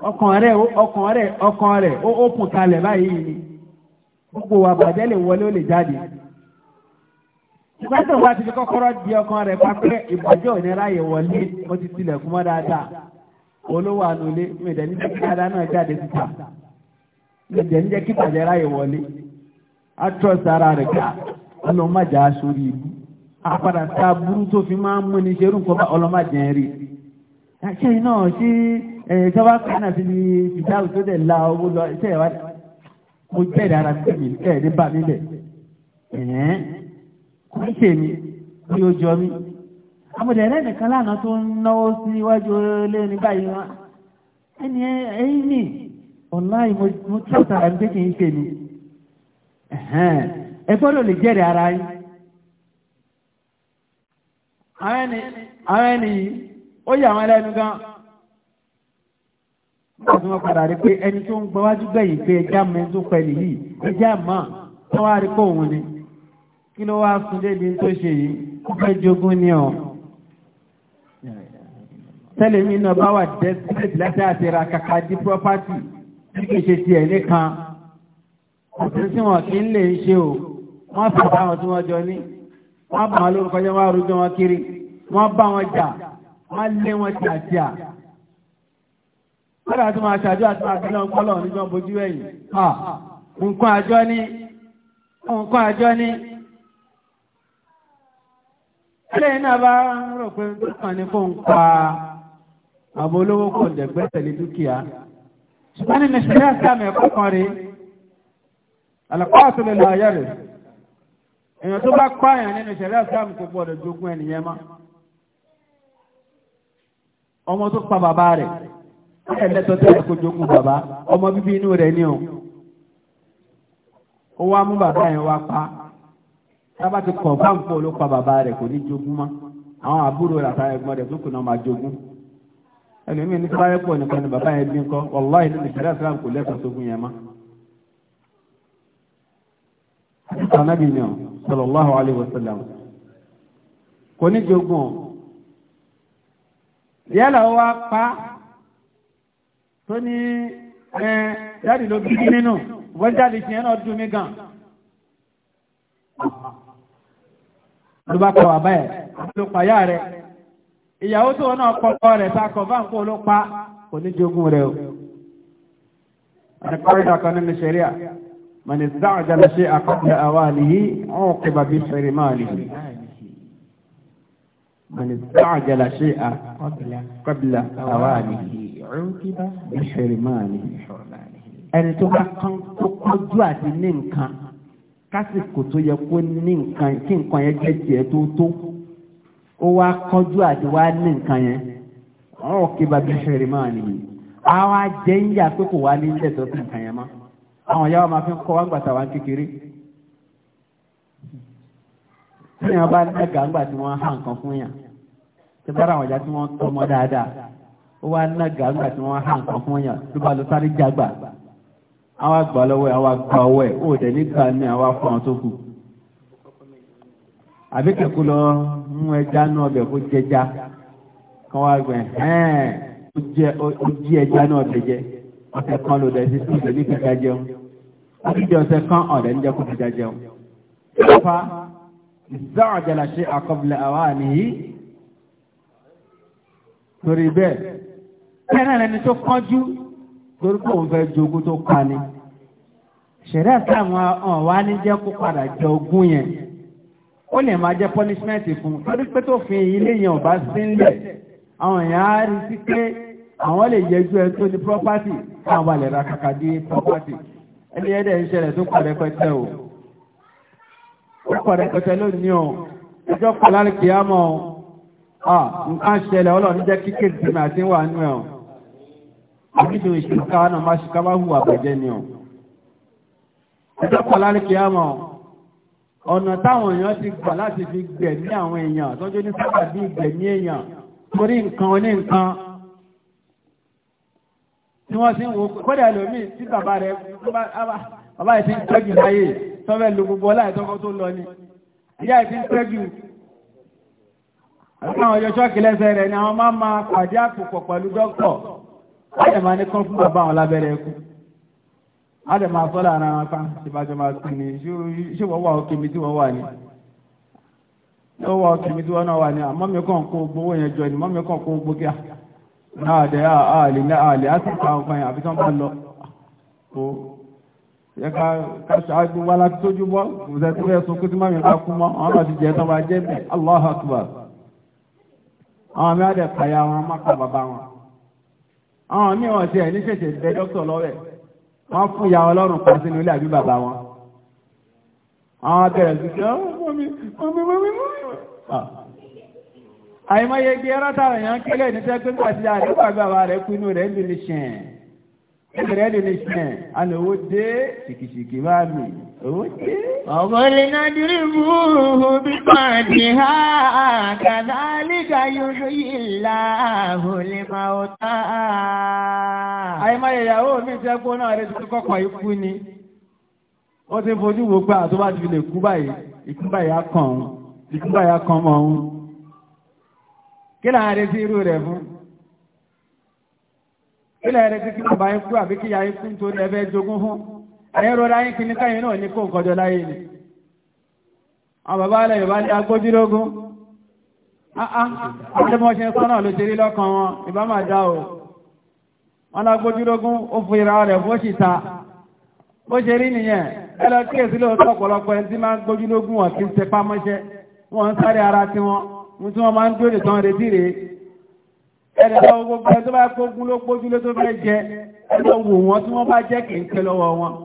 ọkàn rẹ̀ ọkàn rẹ̀ ọkàn rẹ̀ ó kùn kalẹ̀ báyìí ni gbogbo àbàjẹ́ lè wọlé ó lè jáde ìgbàtọ̀ wa ti fi kọ́kọ́rọ́ di ọkàn rẹ̀ pápẹ́ ìbàjẹ́ ònira yẹ̀ wọlé mo ti tilẹ̀ kúmọ́ dáadáa olówó ànulé mẹ̀dẹ̀ ní jẹ́ kíkàdá náà jáde síta mẹ̀dẹ̀ ní jẹ́ kíkàdá yẹ̀ wọlé atrọ́sì ara rẹ̀ ká ọlọ́mọdé aṣorí ibu apàdà ta burú tó fi máa ń mú ní ṣerú nǹkan bá ọlọ́mọdé rí ṣe iná ṣí ẹ̀yìn tó bá kàánà sí ní ìdáhùn tó dẹ̀ la owó lọ iṣẹ́ ìwádìí mo jẹ́ ìdára sí mi ẹ̀ẹ́dẹ́ bá mi bẹ̀ kò ń tèmi bí ó jọ mí amọ̀dẹ̀rẹ́ nìkan tó ń náwó sí iwájú olóyè ní báyìí ẹni ní ọ̀láì mo pé lè ara àwọn ẹni yìí ó yà wọn lẹ́nu gan nígbà tí wọ́n padà rí pé ẹni tó ń gbọ́wájú gbẹ̀yìn pé ẹjá mẹ́rin pẹ̀lú yìí ẹjá mọ́ wọ́n wá rí pé òun ni. kí ló wá sún débi tó ṣe yìí kó fẹ́ jogún ni ọ̀ tẹ́lẹ̀ mi náà bá wà desperate láti àti ra kàkà di property tí kì í ṣe tiẹ̀ nìkan àti tí wọn kì í lè ṣe o wọ́n fi bá wọn tí wọ́n jọ ní wọ́n bá wọn lórúkọ jẹ́ wọ́n rújọ wọn kiri wọ́n bá wọn jà wọ́n lé wọn tíàtíà wọ́n dà tó máa ṣàjọ́ àti máa bílọ̀ ńkọ́lọ̀ níjọ́ bojú ẹ̀yìn nǹkan àjọ ní nǹkan àjọ ní ẹlẹ́yìn náà bá rò pé tó kàn ní kó ń pa àbò olówó kò dẹ̀gbẹ́ tẹ̀lé dúkìá ṣùgbọ́n ní nàìjíríà sàmì ẹ̀kọ́ kan rí àlàkọ́ àtúlẹ̀ lọ ayé rẹ̀ èèyàn tó bá pààyàn nínú ìṣẹ̀lẹ̀ sàmì kò gbọ́dọ̀ jogún ẹnìyẹn mọ́ ọmọ tó pa bàbá rẹ̀ ẹ̀lẹ́tọ̀ tẹ́lẹ̀ kò jogún bàbá ọmọ bíbí inú rẹ̀ ní ó wá mú bàbá yẹn wá pa á. tábà ti kọ̀ bá ń bàbá rẹ̀ kò ní jogún mọ́ àwọn àbúrò rẹ̀ àtàrà ẹ̀gbọ́n rẹ̀ tó kùnà máa jogún ẹlòmíì ní sáré pọ̀ nìkan ni bàbá yẹn bí nǹkan wàláhì nínú ìṣẹ̀lẹ̀ Islam kò lẹ́sọ̀ sógun yẹn mọ́. àtúntà ni ọ sallallahu alaihi kò ní jogún ọ yálà ó wá pa tó ní ẹ jáde ló bí nínú wọ́n jáde náà dùn mí gan ló bá pa bàbá ẹ̀ ló pa yá rẹ̀ ìyàwó tó náà kọ́kọ́ rẹ̀ tá a kọ̀ bá ń kó ló pa kò ní jogún rẹ̀ o. àdìpárídà kan nínú ṣẹ̀ríà mọ̀nì dáàjàlá ṣe àkọ́kọ́ àwa nìyí wọn kò bàbí fẹ̀rẹ̀ máa lè yí. mọ̀nì dáàjàlá ṣe àkọ́kọ́ àwa nìyí bí fẹ̀rẹ̀ máa ẹni tó bá kán tó kọjú àti ní nǹkan kásìkò tó yẹ kó ní nǹkan kí nǹkan yẹn jẹ́ tiẹ̀ tó tó ó wá kọjú àti wá ní nǹkan yẹn ọ̀rọ̀ kí bàbá ìṣẹ̀rẹ̀ máa nìyí àwọn ajẹ́ ń yà pé kò wá ní ilé ìtọ́sí nǹkan yẹn mọ́ àwọn ìyá wa máa fi ń kọ́ wá gbàtà wá kékeré tí wọ́n bá nẹ́gà ńgbà tí wọ́n há nǹkan fún yàn tí bára àwọn ìyá tí wọ́n tọ́ dáadáa ó wá nẹ́gà ńgbà tí wọ́n há nǹkan fún yàn tó bá lọ sáré jágbà àwọn àgbà lọ́wọ́ àwọn àgbà ọwọ́ ẹ̀ ó dẹ̀ nígbà ní àwọn afọ́ àwọn tó kù àbíkẹ̀kú lọ mú ẹja náà bẹ̀ kó jẹja kan wá gbẹ̀ ẹ́ẹ̀ ó jí ẹja náà bẹ̀ jẹ ọ̀sẹ̀ kan ló dẹ̀ sí sí ìdẹ̀ ní kẹta jẹun àbíjẹ ọ̀sẹ̀ kan ọ̀dẹ̀ ń jẹ́ kó kẹta jẹun. fa ìzáàjẹlà ṣe àkọbìlẹ̀ àwa nìyí torí bẹ́ẹ̀ kẹ́nà lẹni tó kánjú torí kò ń fẹ́ jogún tó pa ni ṣẹ̀rẹ́ táwọn ọ̀n wa ní jẹ́ kó padà jẹ ogún yẹn ó lè máa jẹ́ punishment fún torí pé tó fi ilé yẹn ò bá sí ńlẹ̀ àwọn èèyàn á rí sí pé àwọn lè yẹjú ẹ tó ní property káwọn balẹ̀ ra kàkà dé property ẹni ẹ̀dẹ̀ ìṣẹ̀lẹ̀ tó pọ̀ rẹpẹtẹ o ó pọ̀ rẹpẹtẹ lónìí o ẹjọ́ pọ̀ lálẹ́ kìámọ́ o nǹkan ṣẹlẹ̀ ọlọ́run jẹ́ kíkèsí àbíṣe òṣèlú káwà náà máa ṣe ká bá hùwà bàjẹ́ ni ọ̀. ẹjọ́ pọ̀ lálẹ́ kí á mọ̀ ọ̀nà táwọn èèyàn ti gbà láti fi gbẹ̀mí àwọn èèyàn tọ́jú ní sábà bí gbẹ̀mí èèyàn torí nǹkan oní nǹkan tí wọ́n sì ń wo kọ́dà lómi tí bàbá rẹ̀ bàbá yìí ti ń tọ́jú láyé tọ́fẹ́ lu gbogbo Adẹ̀ máa ní kán fún bàbá àwọn lábẹ́rẹ́ ẹkú. Adẹ̀ máa sọ́lá ara wọn pa ìbájọ́ máa kú ni ṣé wọ́n wà òkè mi tí wọ́n wà ní. Ṣé wọ́n wà òkè mi tí wọ́n náà wà ní. Àmọ́ mi kàn kó gbowó yẹn jọ ni, mọ́ mi kàn kó gbó kíá. Àdẹ̀ àlè àlè á sì pa àwọn kan yẹn àfi tán bá lọ. Kò yẹ ká ká ṣáájú wá láti tójú bọ́. Kò sẹ́ tó fẹ́ sunkún tí mọ́mí bá kú mọ́. akbar. Àwọn mi á dẹ̀ àwọn ní wọn ti ẹ̀ ní ṣẹ̀ṣẹ̀ bẹ dókítà lọ́rẹ̀ wọ́n fún ìyá ọlọ́run kan sínú ilé àbí bàbá wọn àwọn bẹ̀rẹ̀ sí kí àìmọye gbé rátàrà yàn kílẹ̀ ní tẹ́gbẹ́gbà sí àdúgbàgbà rẹ̀ pinnu rẹ̀ dìlìṣẹ̀ rẹ̀ dìlìṣẹ̀ alówó dé ṣìkìṣìkì bá mi Ọ̀gọ́lẹ́nà dìrìbù bípa ti ha kàdálíkà yóò yìlá olè máa ọ̀tá. Àìmáyẹ̀ ìyàwó mi jẹ́ gbóná rẹ̀ ti kọ́kọ́ ikú ni. Ó ti fojú wo pé àtó bá ti fi lè kú báyìí, ikú báyìí á kàn ọ́n, ikú báyìí á kàn mọ́ ọ́n. Kí láàárín sí irú rẹ̀ fún? àyẹ́rọ̀dá yín kìíní káyìn náà ní kó nǹkan jọ láyé ni àwọn bàbá alẹ́ yorùbá ní agbójúlógún ah, ah, àtẹ́mọ́ṣẹ́ sọ́nà ló ṣeré lọ́kàn wọn ìbá máa dá o wọn lágbójúlógún ó fún ìra rẹ̀ fó ṣìta bó ṣe rí nìyẹn ẹ lọ kí èsì lóòótọ́ ọ̀pọ̀lọpọ̀ ẹni tí máa ń gbójúlógún wọn kí ń tẹpá mọ́ṣẹ́ wọn ń sáré ara tiwọn mú tí wọn máa ń dúró tán retí rèé ẹni tó gbogbo ẹni tó bá gbógun ló gbójúlé tó fẹ́ jẹ ẹni tó wù wọn tí wọ́n bá jẹ́ kì í pẹ́ lọ́wọ́ wọn.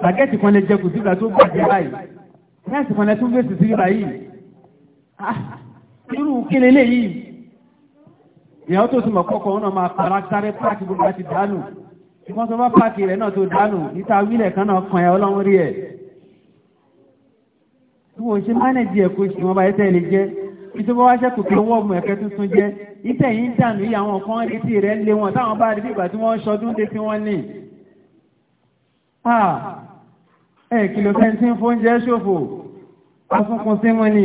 Bàgẹ́tì kan lè jẹ kù sígbà tó bàjẹ́ báyìí. Rẹ́ẹ̀sì kan lè tún fèsì sí báyìí. Ah, irú kílé léyìí. Ìyàwó tó túnmọ̀ kọ́kọ́ wọn máa fara sáré páàkì gbogbo àti dánù. Ìwọ́n tó bá páàkì rẹ̀ náà tó dánù níta wílẹ̀ kan náà kan ẹ̀ ọlọ́run rí ẹ̀. Bí wọ́n ṣe mánẹ̀jì ẹ̀kọ́ ìṣìwọ́n bá yẹ tẹ́lẹ̀ jẹ́ ìtọ́bọ̀ wá ṣẹ́kù kí wọ́n mú ẹ̀kẹ́ tuntun jẹ́ ìtẹ̀yìn dànù yìí àwọn kan retí rẹ̀ lé wọn táwọn bá rí bí ìgbà tí wọ́n ṣọdún dé tí wọ́n ní ẹ̀ kìlò fẹ́ntí ń fóúnjẹ ṣòfò afúnkun sí mú ni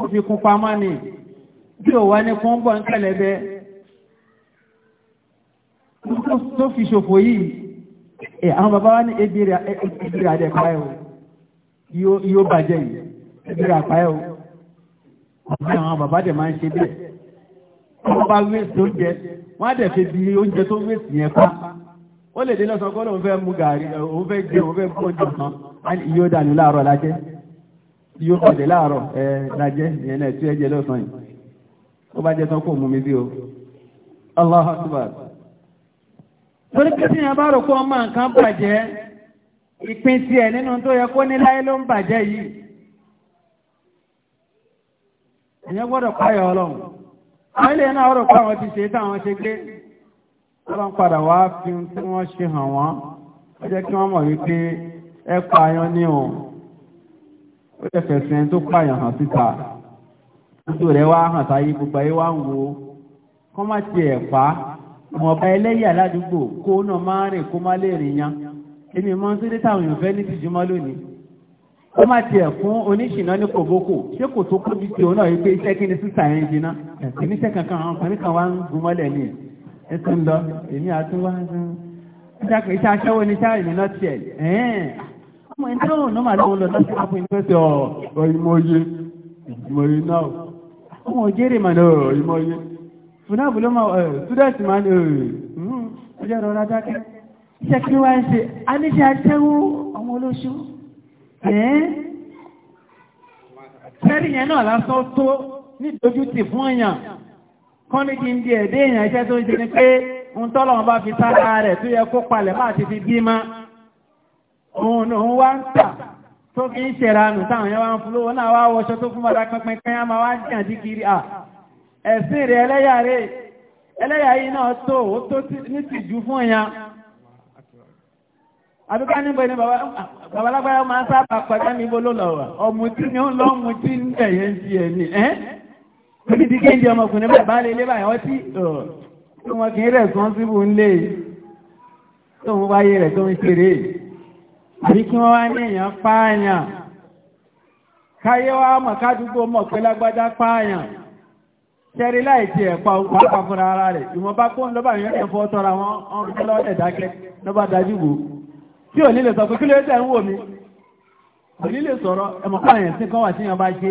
ó fi kún pamọ́ ni bí ò wá ní kún bọ̀ ń kẹlẹ̀bẹ́ tó fi ṣòfò yìí àwọn bàbá wá ní ebìrì àdẹ̀páyò yóò bàjẹ́ yìí ebìrì àpáyò àwọn bàbá dẹ̀ máa ń ṣe bẹ́ẹ̀ wọ́n bá wéṣì oúnjẹ wọ́n á dẹ̀ fi bí oúnjẹ tó wéṣì yẹn pa ó lè dé lọ́sọ̀ kọ́ lóun fẹ́ mú gàrí òun fẹ́ jẹ òun fẹ́ mú oúnjẹ kan yóò dànù láàárọ̀ lájẹ́ yóò pàdé láàárọ̀ lájẹ́ ìyẹn tí ẹ lọ́sàn yìí ó bá o ìyẹn gbọ́dọ̀ páyọ̀ ọlọ́run àwọn ilé náà ti ṣe ọlọ́n padà wá fi tí wọ́n ṣe hàn wọ́n ó jẹ́ kí wọ́n mọ̀ wípé ẹ pààyàn ní o ó jẹ́ fẹ̀sìn tó pààyàn hàn síta ojú rẹ̀ wá hàn sáyé gbogbo ayé wá ń wo kọ́ má tiẹ̀ pa ìwọ̀nba ẹlẹ́yà ládùúgbò kó náà máa rìn kó má lè rìn yan èmi mọ́ sí létà àwọn fẹ́ ní tìjúmọ́ lónìí ó má tiẹ̀ fún oníṣìná ní kòbókò ṣé kò tó kóbi tí òun náà yí iṣẹ́ kí ni sísà yẹn jiná ẹ̀ ètò ń lọ èmi àti wá ṣáàkì iṣẹ́ aṣẹ́wó ní ṣáà ìmìnà tiẹ̀ ẹ̀ẹ́n ọmọ ìjọ òun náà máa lọ́wọ́ lọ láti wá fún ìgbésẹ̀ ọ̀ ìmọ̀ye ìmọ̀ye náà ọmọ òjèrè mà ní ọ̀ ìmọ̀ye fúnáàbù ló máa ọ̀ ṣúdẹ̀tì máa ní ọ̀ ọjọ́ ìrọ̀ ọ̀rọ̀ adákẹ́ iṣẹ́ kí wá ń ṣe a ní ṣe aṣẹ́wó ọmọ olóṣù ẹ̀ẹ́n fẹ́rí yẹn náà lásán tó ní ìdójútì fún èèyàn kán ní kí ẹ̀dẹ́ iṣẹ́ tó ń ṣe ni pé ń tọ́lọ̀ bá fi sára rẹ̀ tó yẹ kó palẹ̀ máa ti fi bímọ òun lòun wá ń tà tó fi ń wá ń tó fún bàtà pínpín máa wá jìyàn sí kiri à ẹ̀sìn rẹ̀ ẹlẹ́yà rẹ̀ ẹlẹ́yà yìí náà tó ó tó ní tìjú fún àbíká máa ń sábà ọmùtí ni ó ń ń Odidi kéńdé ọmọkùnrin bẹ́ẹ̀ bá lè lé báyìí wọ́n tí tó wọn kì í responsible ń lé tó ń wáyé rẹ̀ tó ń ṣeré. Àbí kí wọ́n wá ní èèyàn pààyàn. Káyé wá mọ̀ kádùúgbò mọ̀ pé lágbájá pààyàn. Ṣẹ́rí láì ti ẹ̀pa òkú àpapọ̀ra ara rẹ̀. Ìwọ̀nba kó ń lọ́bàá yẹn fọ́ tọ́ra wọn ọ̀rùn lọ́dẹ̀ dákẹ́ lọ́bàá dájú wò. Tí ò nílè sọ pé kí ló dẹ̀ ń wò mí? Kò nílè sọ̀rọ̀ ẹ̀mọ̀pá yẹn sí kan wà tí yẹn bá ṣe.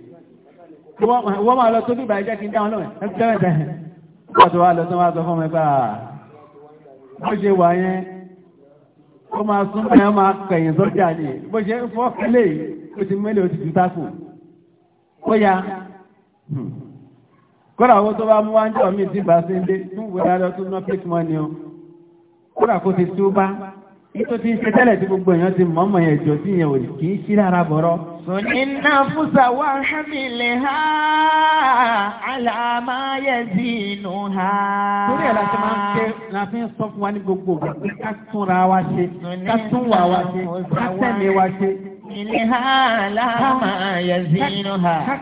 wọ́n máa lọ tó bí ìbàjẹ́ kí n dáhùn náà ẹ̀ tẹ́lẹ̀ tẹ́lẹ̀ wọ́n tó wá lọ tó wá sọ fún mi bá bó ṣe wà yẹn ó máa sún mẹ́rin máa kẹ̀yìn sọ́jà ni bó ṣe ń fọ́ kílẹ̀ ó ti mẹ́lẹ̀ ó ti dùn tákù ó ya kódà owó tó bá mú wá ń jọ mí sí ń dé tún Ìtò ti ṣe tẹ́lẹ̀ tí gbogbo èèyàn ti mọ̀mọ̀ yẹn jọ sí yẹn kìí sí rárá bọ̀rọ̀. Sùnínà fúsà wà hábìlì ha àlàmà yẹ sí inú ha. Torí ẹ̀ láti máa ń ké la fi ń sọ fún wa ní gbogbo ìgbà pé ká túnra wa ṣe, ká tún wa ṣe, ká tẹ̀lé wa ṣe.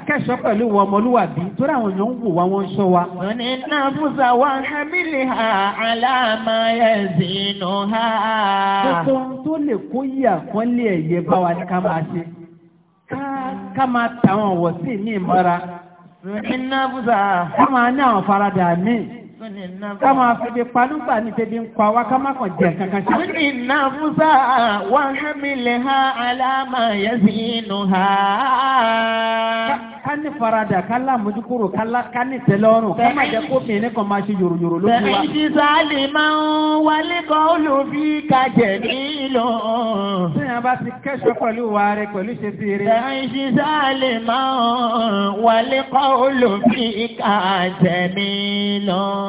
Kẹ́sọ́ pẹ̀lú wọn ọmọlúwàbí tó ráwọn èèyàn ń wò wá wọ́n sọ wa. Lọ́ní náà fúnṣà wá hábílì ha aláàmà ẹ̀sìnú ha. Gbogbo ohun tó lè kó yí àkọ́lé ẹ̀yẹ bá wa ní ká máa ṣe. Ká máa tàwọn ọ̀wọ̀ sí ní ìmọ̀ra. Lọ́ní náà fúnṣà. Ká máa ní àwọn faradà míì ká máa fẹ́bi panúgbà ní tẹ́bi ń pa wá ká má kàn jẹ́ kankan ṣe. wọ́n ní nàfúsà wà hámilẹ̀ ha aláàmà yẹ́sì inú ha. ká ní farada ká lámójúkúrò ká ní tẹ́lọ́rùn ká má jẹ́ kó mìíràn kan máa ṣe yòròyòrò ló fi wá. bẹ́ẹ̀ni sáàlì máa ń wálé kan olùbí ká jẹ̀ nílò. sèèyàn bá ti kẹ́sọ̀ pẹ̀lú wa pẹ̀lú ṣe ti rí. bẹ́ẹ̀ni sáàlì máa ń wálé kan olùbí ká jẹ̀ nílò.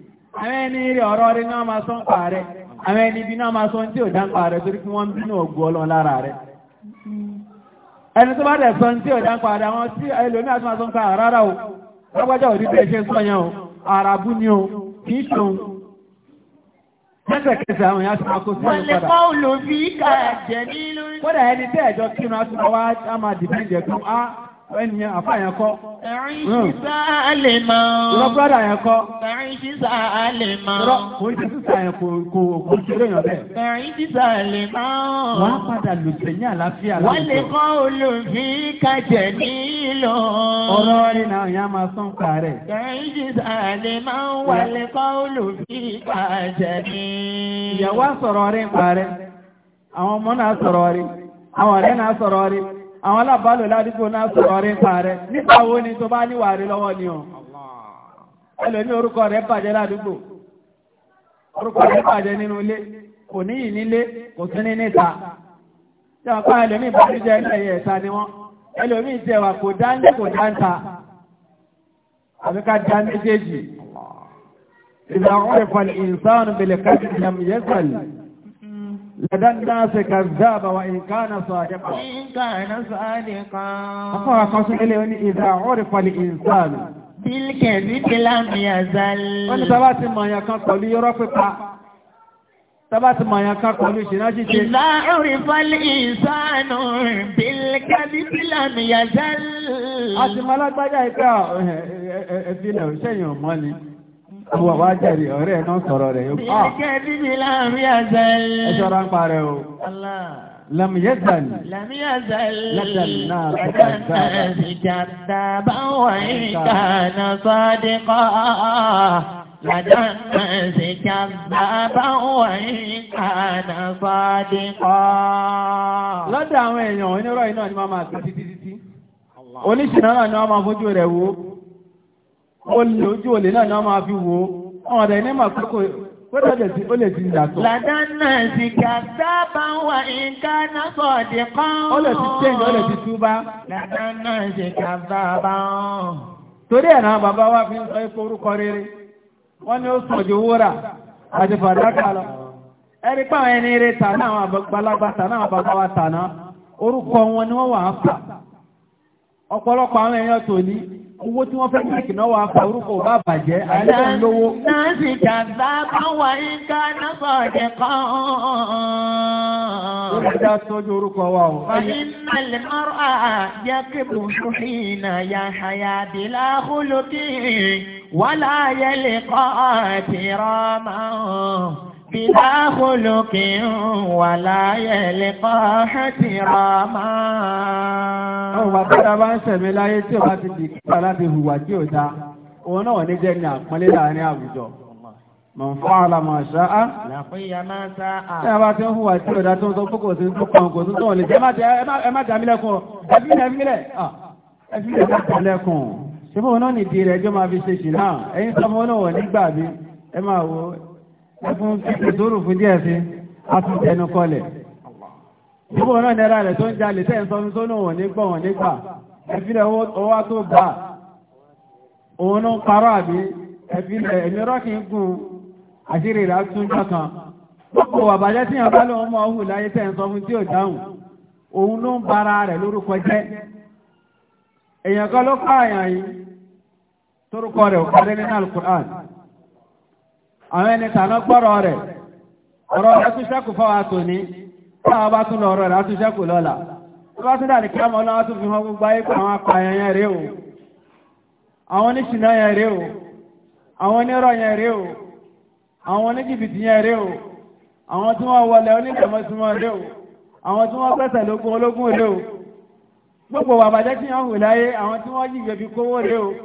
àwọn ẹni rí ọ̀rọ̀ rí náà máa sọ ń pa rẹ̀ àwọn ẹni ibi náà máa sọ tí ò dá ń pa rẹ̀ torí kí wọ́n bínú ògùn ọlọ́run lára rẹ̀ ẹni tó bá dẹ̀ sọ tí ò dá ń pa rẹ̀ àwọn tí ẹlòmíà tó máa sọ ń pa rárá o lọ́gbọ́jọ́ òdí tẹ́ ṣe ń sọ yẹn o àràbù ni o kì í ṣòun ẹni àfá hmm. yẹn kọ́. Ẹ̀rín ṣíṣá lè mọ́. Ìrọ̀ bọ́dà yẹn kọ́. Ẹ̀rín ṣíṣá lè mọ́. Ìrọ̀ kò ń ṣe sísà yẹn kò kò kò ṣe lè bẹ́ẹ̀. Ẹ̀rín ṣíṣá mọ́. Wọ́n á padà lò sẹ́yìn àlàáfíà Wọ́n lè kọ́ olùfín kàjẹ́ nílò. Ọ̀rọ̀ rí náà yẹn máa sán pa rẹ̀. Ẹ̀rín ṣíṣá mọ́. Wọ́n lè kọ́ olùfín kàjẹ́ nílò. Ìyàwó á sọ̀rọ̀ rí pa rẹ̀. Àwọn ọmọ náà sọ̀rọ̀ rí. Àwọn ọ̀rẹ́ àwọn alábàálò ládùúgbò náà sọ̀rọ̀ rí ń pa rẹ̀ nípa wo ni tó bá níwà rí lọ́wọ́ ni ọ̀ ẹlòmí orúkọ rẹ̀ bàjẹ́ ládùúgbò orúkọ rẹ̀ bàjẹ́ nínú ilé kò níyì nílé kò sí ní níta jọ̀ǹkọ́ ẹlòmí ìbànújẹ́ ẹlẹ́yẹ ẹ̀ta ni wọ́n ẹlòmí ìjẹwà kò dáńdé kò dáńta àbíká dá méjèèjì ìgbà wọn ìfọ̀lì ìsánù bèlè káàkiri لدى الناس كذاب وإن كان صادقا وإن كان صادقا أخوة قصر إليه إذا عرف الإنسان بالكذب لم يزل wọ́n ní sábà ti mọ̀ yàn kan pẹ̀lú yọ́rọ́ pípa sábà ti mọ̀ yàn kan pẹ̀lú ìṣìná jíjẹ. إذا عرف الإنسان بالكذب لم يزل. a ti mọ alágbájá ìpẹ́ ẹ̀ẹ́dínlẹ̀ òṣèyàn mọ́ ni. Àwọn àwọn ajẹ́rì ọ̀rẹ́ náà sọ̀rọ̀ rẹ̀ yóò kọ́. Ìyẹ́kẹ́ bíbí láàrin àzẹ́lì. Ẹ ṣọ́ra ń parẹ́ o. Lam yazal. Lam yazal. Lazal náà kọ́kọ́ ìjà. Ìjàdá bá wà ní ìkànnà sọ́díkọ́. Làdánà sí jàmbá bá wà ní ìkànnà sọ́díkọ́. Lọ́dọ̀ àwọn èèyàn onírọ̀ iná ni wọ́n máa tẹ̀ títí títí. Oníṣìnà náà ni wọ́n máa fojú rẹ̀ wò. olè ojú olè náà ni wọ́n máa fi wo ọmọ ọ̀dẹ̀ ní màkókò kódàdẹ̀ sí ó lè ti yàtọ̀. làdánà sì sábà wà nǹkan náà sọ̀ di kan. ó lè ti tẹ̀yìn ó lè ti túbá. làdánà sì torí ẹ̀ náà bàbá wa fi ń sọ ipò orúkọ rere wọ́n ní ó lọ. ẹni ẹni rẹ àgbàlagbà bàbá wa orúkọ wọn ni wọ́n wà á fà ọ̀pọ̀lọpọ̀ owó tí wọ́n fẹ́ mẹ́kì náà wà fà orúkọ bá bàjẹ́ àìlẹ́kọ̀ lówó. láti jàgbá bá wà ìka lọ́bọ̀dẹ̀ kan. ó lè dá sọ́jú orúkọ wa o. ìnà lè mọ́rọ̀ à yẹ kí bùsù ìnà ya àyà bí láhùlùkì wàlá lè kọ́ àti rọ́mà. بلا خلق ولا يلقى احتراما àwọn bàbá tá a bá ń ṣẹ̀mí láyé tí ó bá ti di kíkà láti hùwà tí ó dá òun náà ní jẹ́ ní àpọ́nlé láàrin àwùjọ man fa'ala ma sha'a laqiya ma sa'a a bá ti ń hùwà tí ó dá tó ń sọ fókò sí tó kàn kò sí tó lè jẹ́ ẹ má dàmí lẹ́kùn ẹ̀fílẹ̀ ẹ̀fílẹ̀ ẹ̀fílẹ̀ lẹ́kùn ṣe fún òun náà nìdí rẹ̀ ẹjọ́ máa fi ṣe ṣì náà ẹ ẹfún ìdúró fún díẹ̀ sí atúntẹnu kọlẹ̀. Ìbò náà nẹ́ra rẹ̀ tó ń jalè tẹ́ ń sọ tó náà wọ̀n nígbọ̀ wọ̀n nígbà. Ẹfílẹ̀ owó tó bá òun náà parọ́ àbí ẹfílẹ̀ èmi rọ́kì ń gùn àṣírí rẹ̀ tún jọ́kan. Gbogbo àbájẹ́ tí yàn bá lọ́wọ́ mọ́ ọ̀hún láyé tẹ́ ń sọ fún tí ò dáhùn. Òun ló ń bara rẹ̀ lórúkọ jẹ́. Èèyàn kan ló pààyàn yìí torúkọ rẹ̀ ò àwọn ẹni tàná gbọ́rọ̀ rẹ̀ ọ̀rọ̀ rẹ̀ tún ṣẹ́kù fáwa tòní fáwa bá tún lọ ọ̀rọ̀ rẹ̀ tún ṣẹ́kù lọ́la tó bá tún dà ní kíámọ́ ọlọ́wọ́ tún fi hàn gbogbo ayé pé àwọn apààyàn yẹn rèé o àwọn oníṣìná yẹn rèé o àwọn onírọ̀ yẹn rèé o àwọn oníjìbìtì yẹn rèé o àwọn tí wọ́n wọlé onídàmọ́símọ́ rèé o àwọn tí wọ́n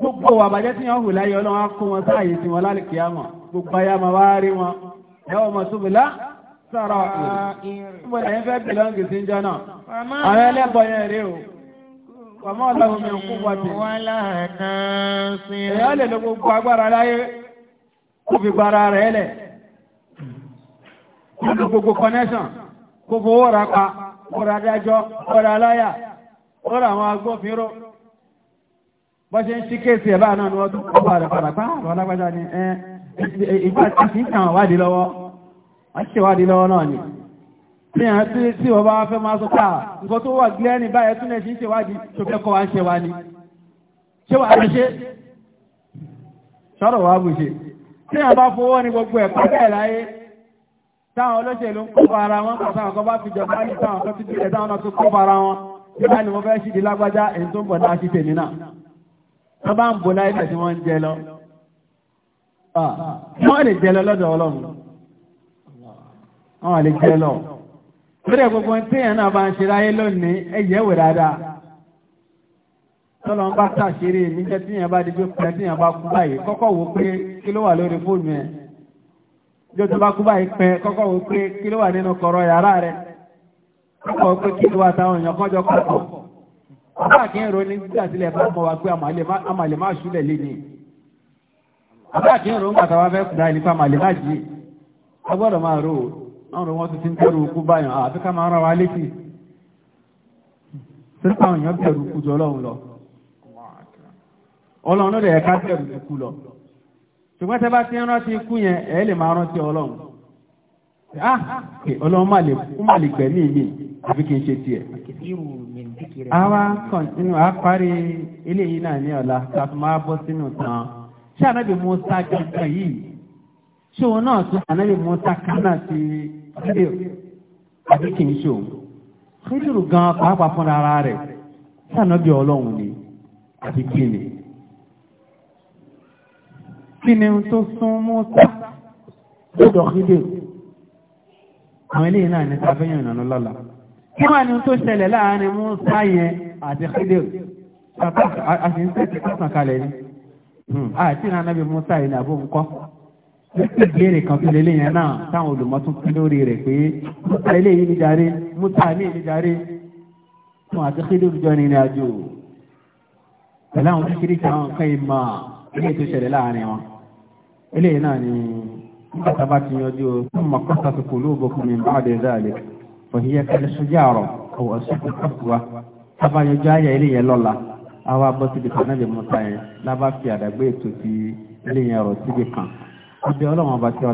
gbogbo wà bàjẹ́ tí wọ́n hù láyé ọlọ́wọ́ kó wọn sáàyè sí wọn lálẹ́ kìámọ̀ gbogbo ayá ma wá rí wọn ẹwọ́ mọ̀ tó bìlá sára ọ̀pọ̀ ìgbọ̀n ẹ̀yìn fẹ́ bìlọ́ǹgì sí jọ náà àwọn ẹlẹ́bọ̀ yẹn rí o wàmọ́ ọlọ́run mi kú wọ́tì àwọn agbófinró bọ́ṣe ń ṣíkèsì ẹ̀bá náà ni wọ́n tún kọ́bà rẹ̀ pàdàpá àwọn alágbájá ni ìgbà tí ń kàn wádìí lọ́wọ́ wọ́n ṣe wádìí lọ́wọ́ náà ni tí wọ́n bá fẹ́ máa sọ́kà nǹkan tó wà gílẹ́ ní báyẹ̀ tún lẹ́ṣin ṣe wádìí tó kẹ́kọ̀ọ́ wá ń ni ṣé wà á ṣe sọ́rọ̀ wá bù ṣe tí wọ́n bá fowó ní gbogbo ẹ̀ pàtẹ́ láyé táwọn olóṣèlú ń kọ́bà ara wọn kọ́sàwọn kọ́ bá fi jọba ní táwọn kọ́ fi jẹ́ táwọn náà tó kọ́bà ara wọn fẹ́ ṣìdí lágbájá èyí tó ń bọ̀ náà ṣì tèmi náà wọ́n bá ń bò láìsẹ̀ tí wọ́n ń jẹ lọ wọ́n lè jẹ lọ lọ́dọ̀ ọlọ́run wọ́n lè jẹ lọ lórí ẹ̀gbogbo tí èèyàn náà bá ń ṣe ráyé lónìí ẹ̀yẹ́ wò dáadáa tọ́lọ́ ń bá tàṣírí mi jẹ́ tí èèyàn bá di pé pẹ́ tí èèyàn bá kú báyìí kọ́kọ́ wò pé kí ló wà lórí fóònù ẹ̀ jọ tó bá kú báyìí pẹ́ kọ́kọ́ wò pé kí ló wà nínú kọ̀rọ̀ yàrá rẹ̀ kọ́kọ́ wò pé kí ló wà táwọn èèyàn kọ́jọ́ kọ́kọ́ ọba kí n ro ní gbígbà sílẹ̀ bá mọ wa pé àmàlè máa ṣúlẹ̀ lé ní ọba kí n ro ń gbàtà wá fẹ́ kúrò nípa àmàlè máa jí a gbọ́dọ̀ máa ro wọ́n wọ́n ti tẹ́rù òkú báyàn àti máa rán wa létí sípà òyìn bẹ̀rù kú jọ ọlọ́run lọ ọlọ́run lè ẹ̀ka bẹ̀rù kú lọ ṣùgbọ́n tẹ́ bá ti ń rántí ikú máa ah ọlọ́run má lè gbẹ̀mí mi àfi kí n ṣe tiẹ̀ àwa kọ̀ǹtínú a parí eléyìí náà ní ọ̀la ká fi máa bọ́ sínú tán ṣé ànábì Musa kankan yìí ṣé òun náà tún ànábì Musa kan náà ti kílè àbí kì í ṣe òun kílùrù gan pàápàá fúnra ara rẹ̀ ṣé ànábì Ọlọ́run ni àbí kí ni kí ni tó sún Musa lọ́dọ̀ kílè àwọn eléyìí náà ní ká fẹ́yìn ìrànlọ́lá kí wọ́n ní tó ṣẹlẹ̀ láàrin Musa yẹn àti Khidir àti ní sẹ́ẹ̀tì kọ́sàn kalẹ̀ ni àti ní anábì Musa yìí ní àbó ńkọ́ lẹ́sìn ìbéèrè kan tó lélẹ̀ yẹn náà táwọn olùmọ́tún pín lórí rẹ̀ pé Musa ilé yìí níjàre Musa ilé yìí níjàre fún àti Khidir jọ ní ìrìn àjò فهي كالشجارة أو أشد قسوة تبا يجايا إلي لولا أو أبوتي بكنا بمتاعي لا بافيا دبيتو في أبي ما باتي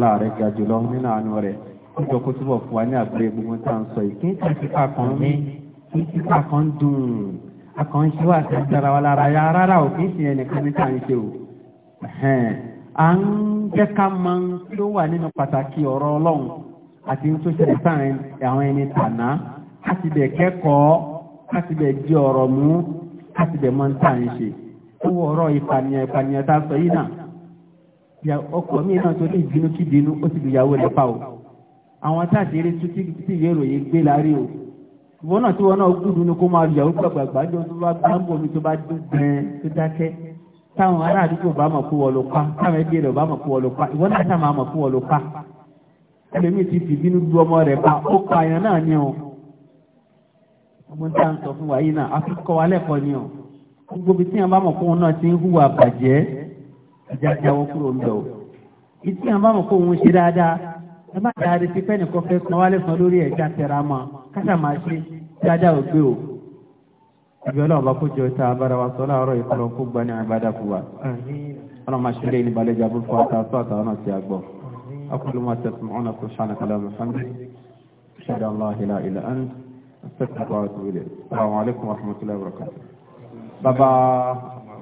من أنوري wa gbogbo sọ Kí n sí kàkàn mí, kí n kàkàn dùn ń ṣe wà sí ìdára wa lára ya rárá kí n yẹn nìkan ní tá à ṣe o. À ń jẹ́ ká tí wà nínú pàtàkì ọ̀rọ̀ Ọlọ́run. àti tó ṣẹlẹ̀ sáàrin àwọn ẹni tàná láti bẹ̀ kẹ́kọ̀ọ́ láti bẹ̀ di ọ̀rọ̀ mú láti bẹ̀ máa ń tà ń ṣe ó wọ ọ̀rọ̀ ìpànìyàn ìpànìyàn tá a sọ yìí náà ọkọ̀ mi náà tó ní ìbínú kí bínú ó sì lùyàwó rẹ̀ pa o àwọn táàtì eré tún tí ìwé ìròyìn gbé lárí o ìwọ náà tí wọn náà gùdù ni kó máa lùyàwó gbàgbàgbà jọ tó bá gbàgbọ́ mi tó bá dún gbẹ̀ẹ́ tó dákẹ́ táwọn ará àdúgbò bá mọ̀ ẹlẹ́mí ti fìbínú du ọmọ rẹ̀ pa ó pa àyàn náà ni o ọmọ tí a ń sọ fún wa yìí náà afikọ́ wa lẹ́kọ̀ọ́ ni o gbogbo ibi tí a bá mọ̀ fóun náà ti ń hùwà bàjẹ́ ìjàjáwọ́ kúrò ń bẹ̀ o ibi tí a bá mọ̀ fóun ṣe dáadáa ẹ má dáadé sí pẹ́ẹ́nìkan fẹ́ san wálé san lórí ẹ̀já tẹ̀ra mọ́ káṣà máa ṣe dáadáa ò gbé o ìbí ọlọ́run bá kó jọ ta abára wa sọ́lá ọ̀rọ̀ ìfọlọ́kú gbani àbádà fún wa ọlọ́run máa ṣe lé ní balẹ̀ jábọ̀ fún àtàwọn àti àgbọ̀. أقول ما تسمعون أقول سبحانك اللهم وبحمدك أشهد أن لا إله إلا أنت أستغفرك وأتوب إليك السلام عليكم ورحمة الله وبركاته bàbá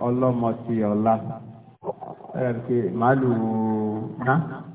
الله ti ọ̀la ẹ̀rì pé màálù náà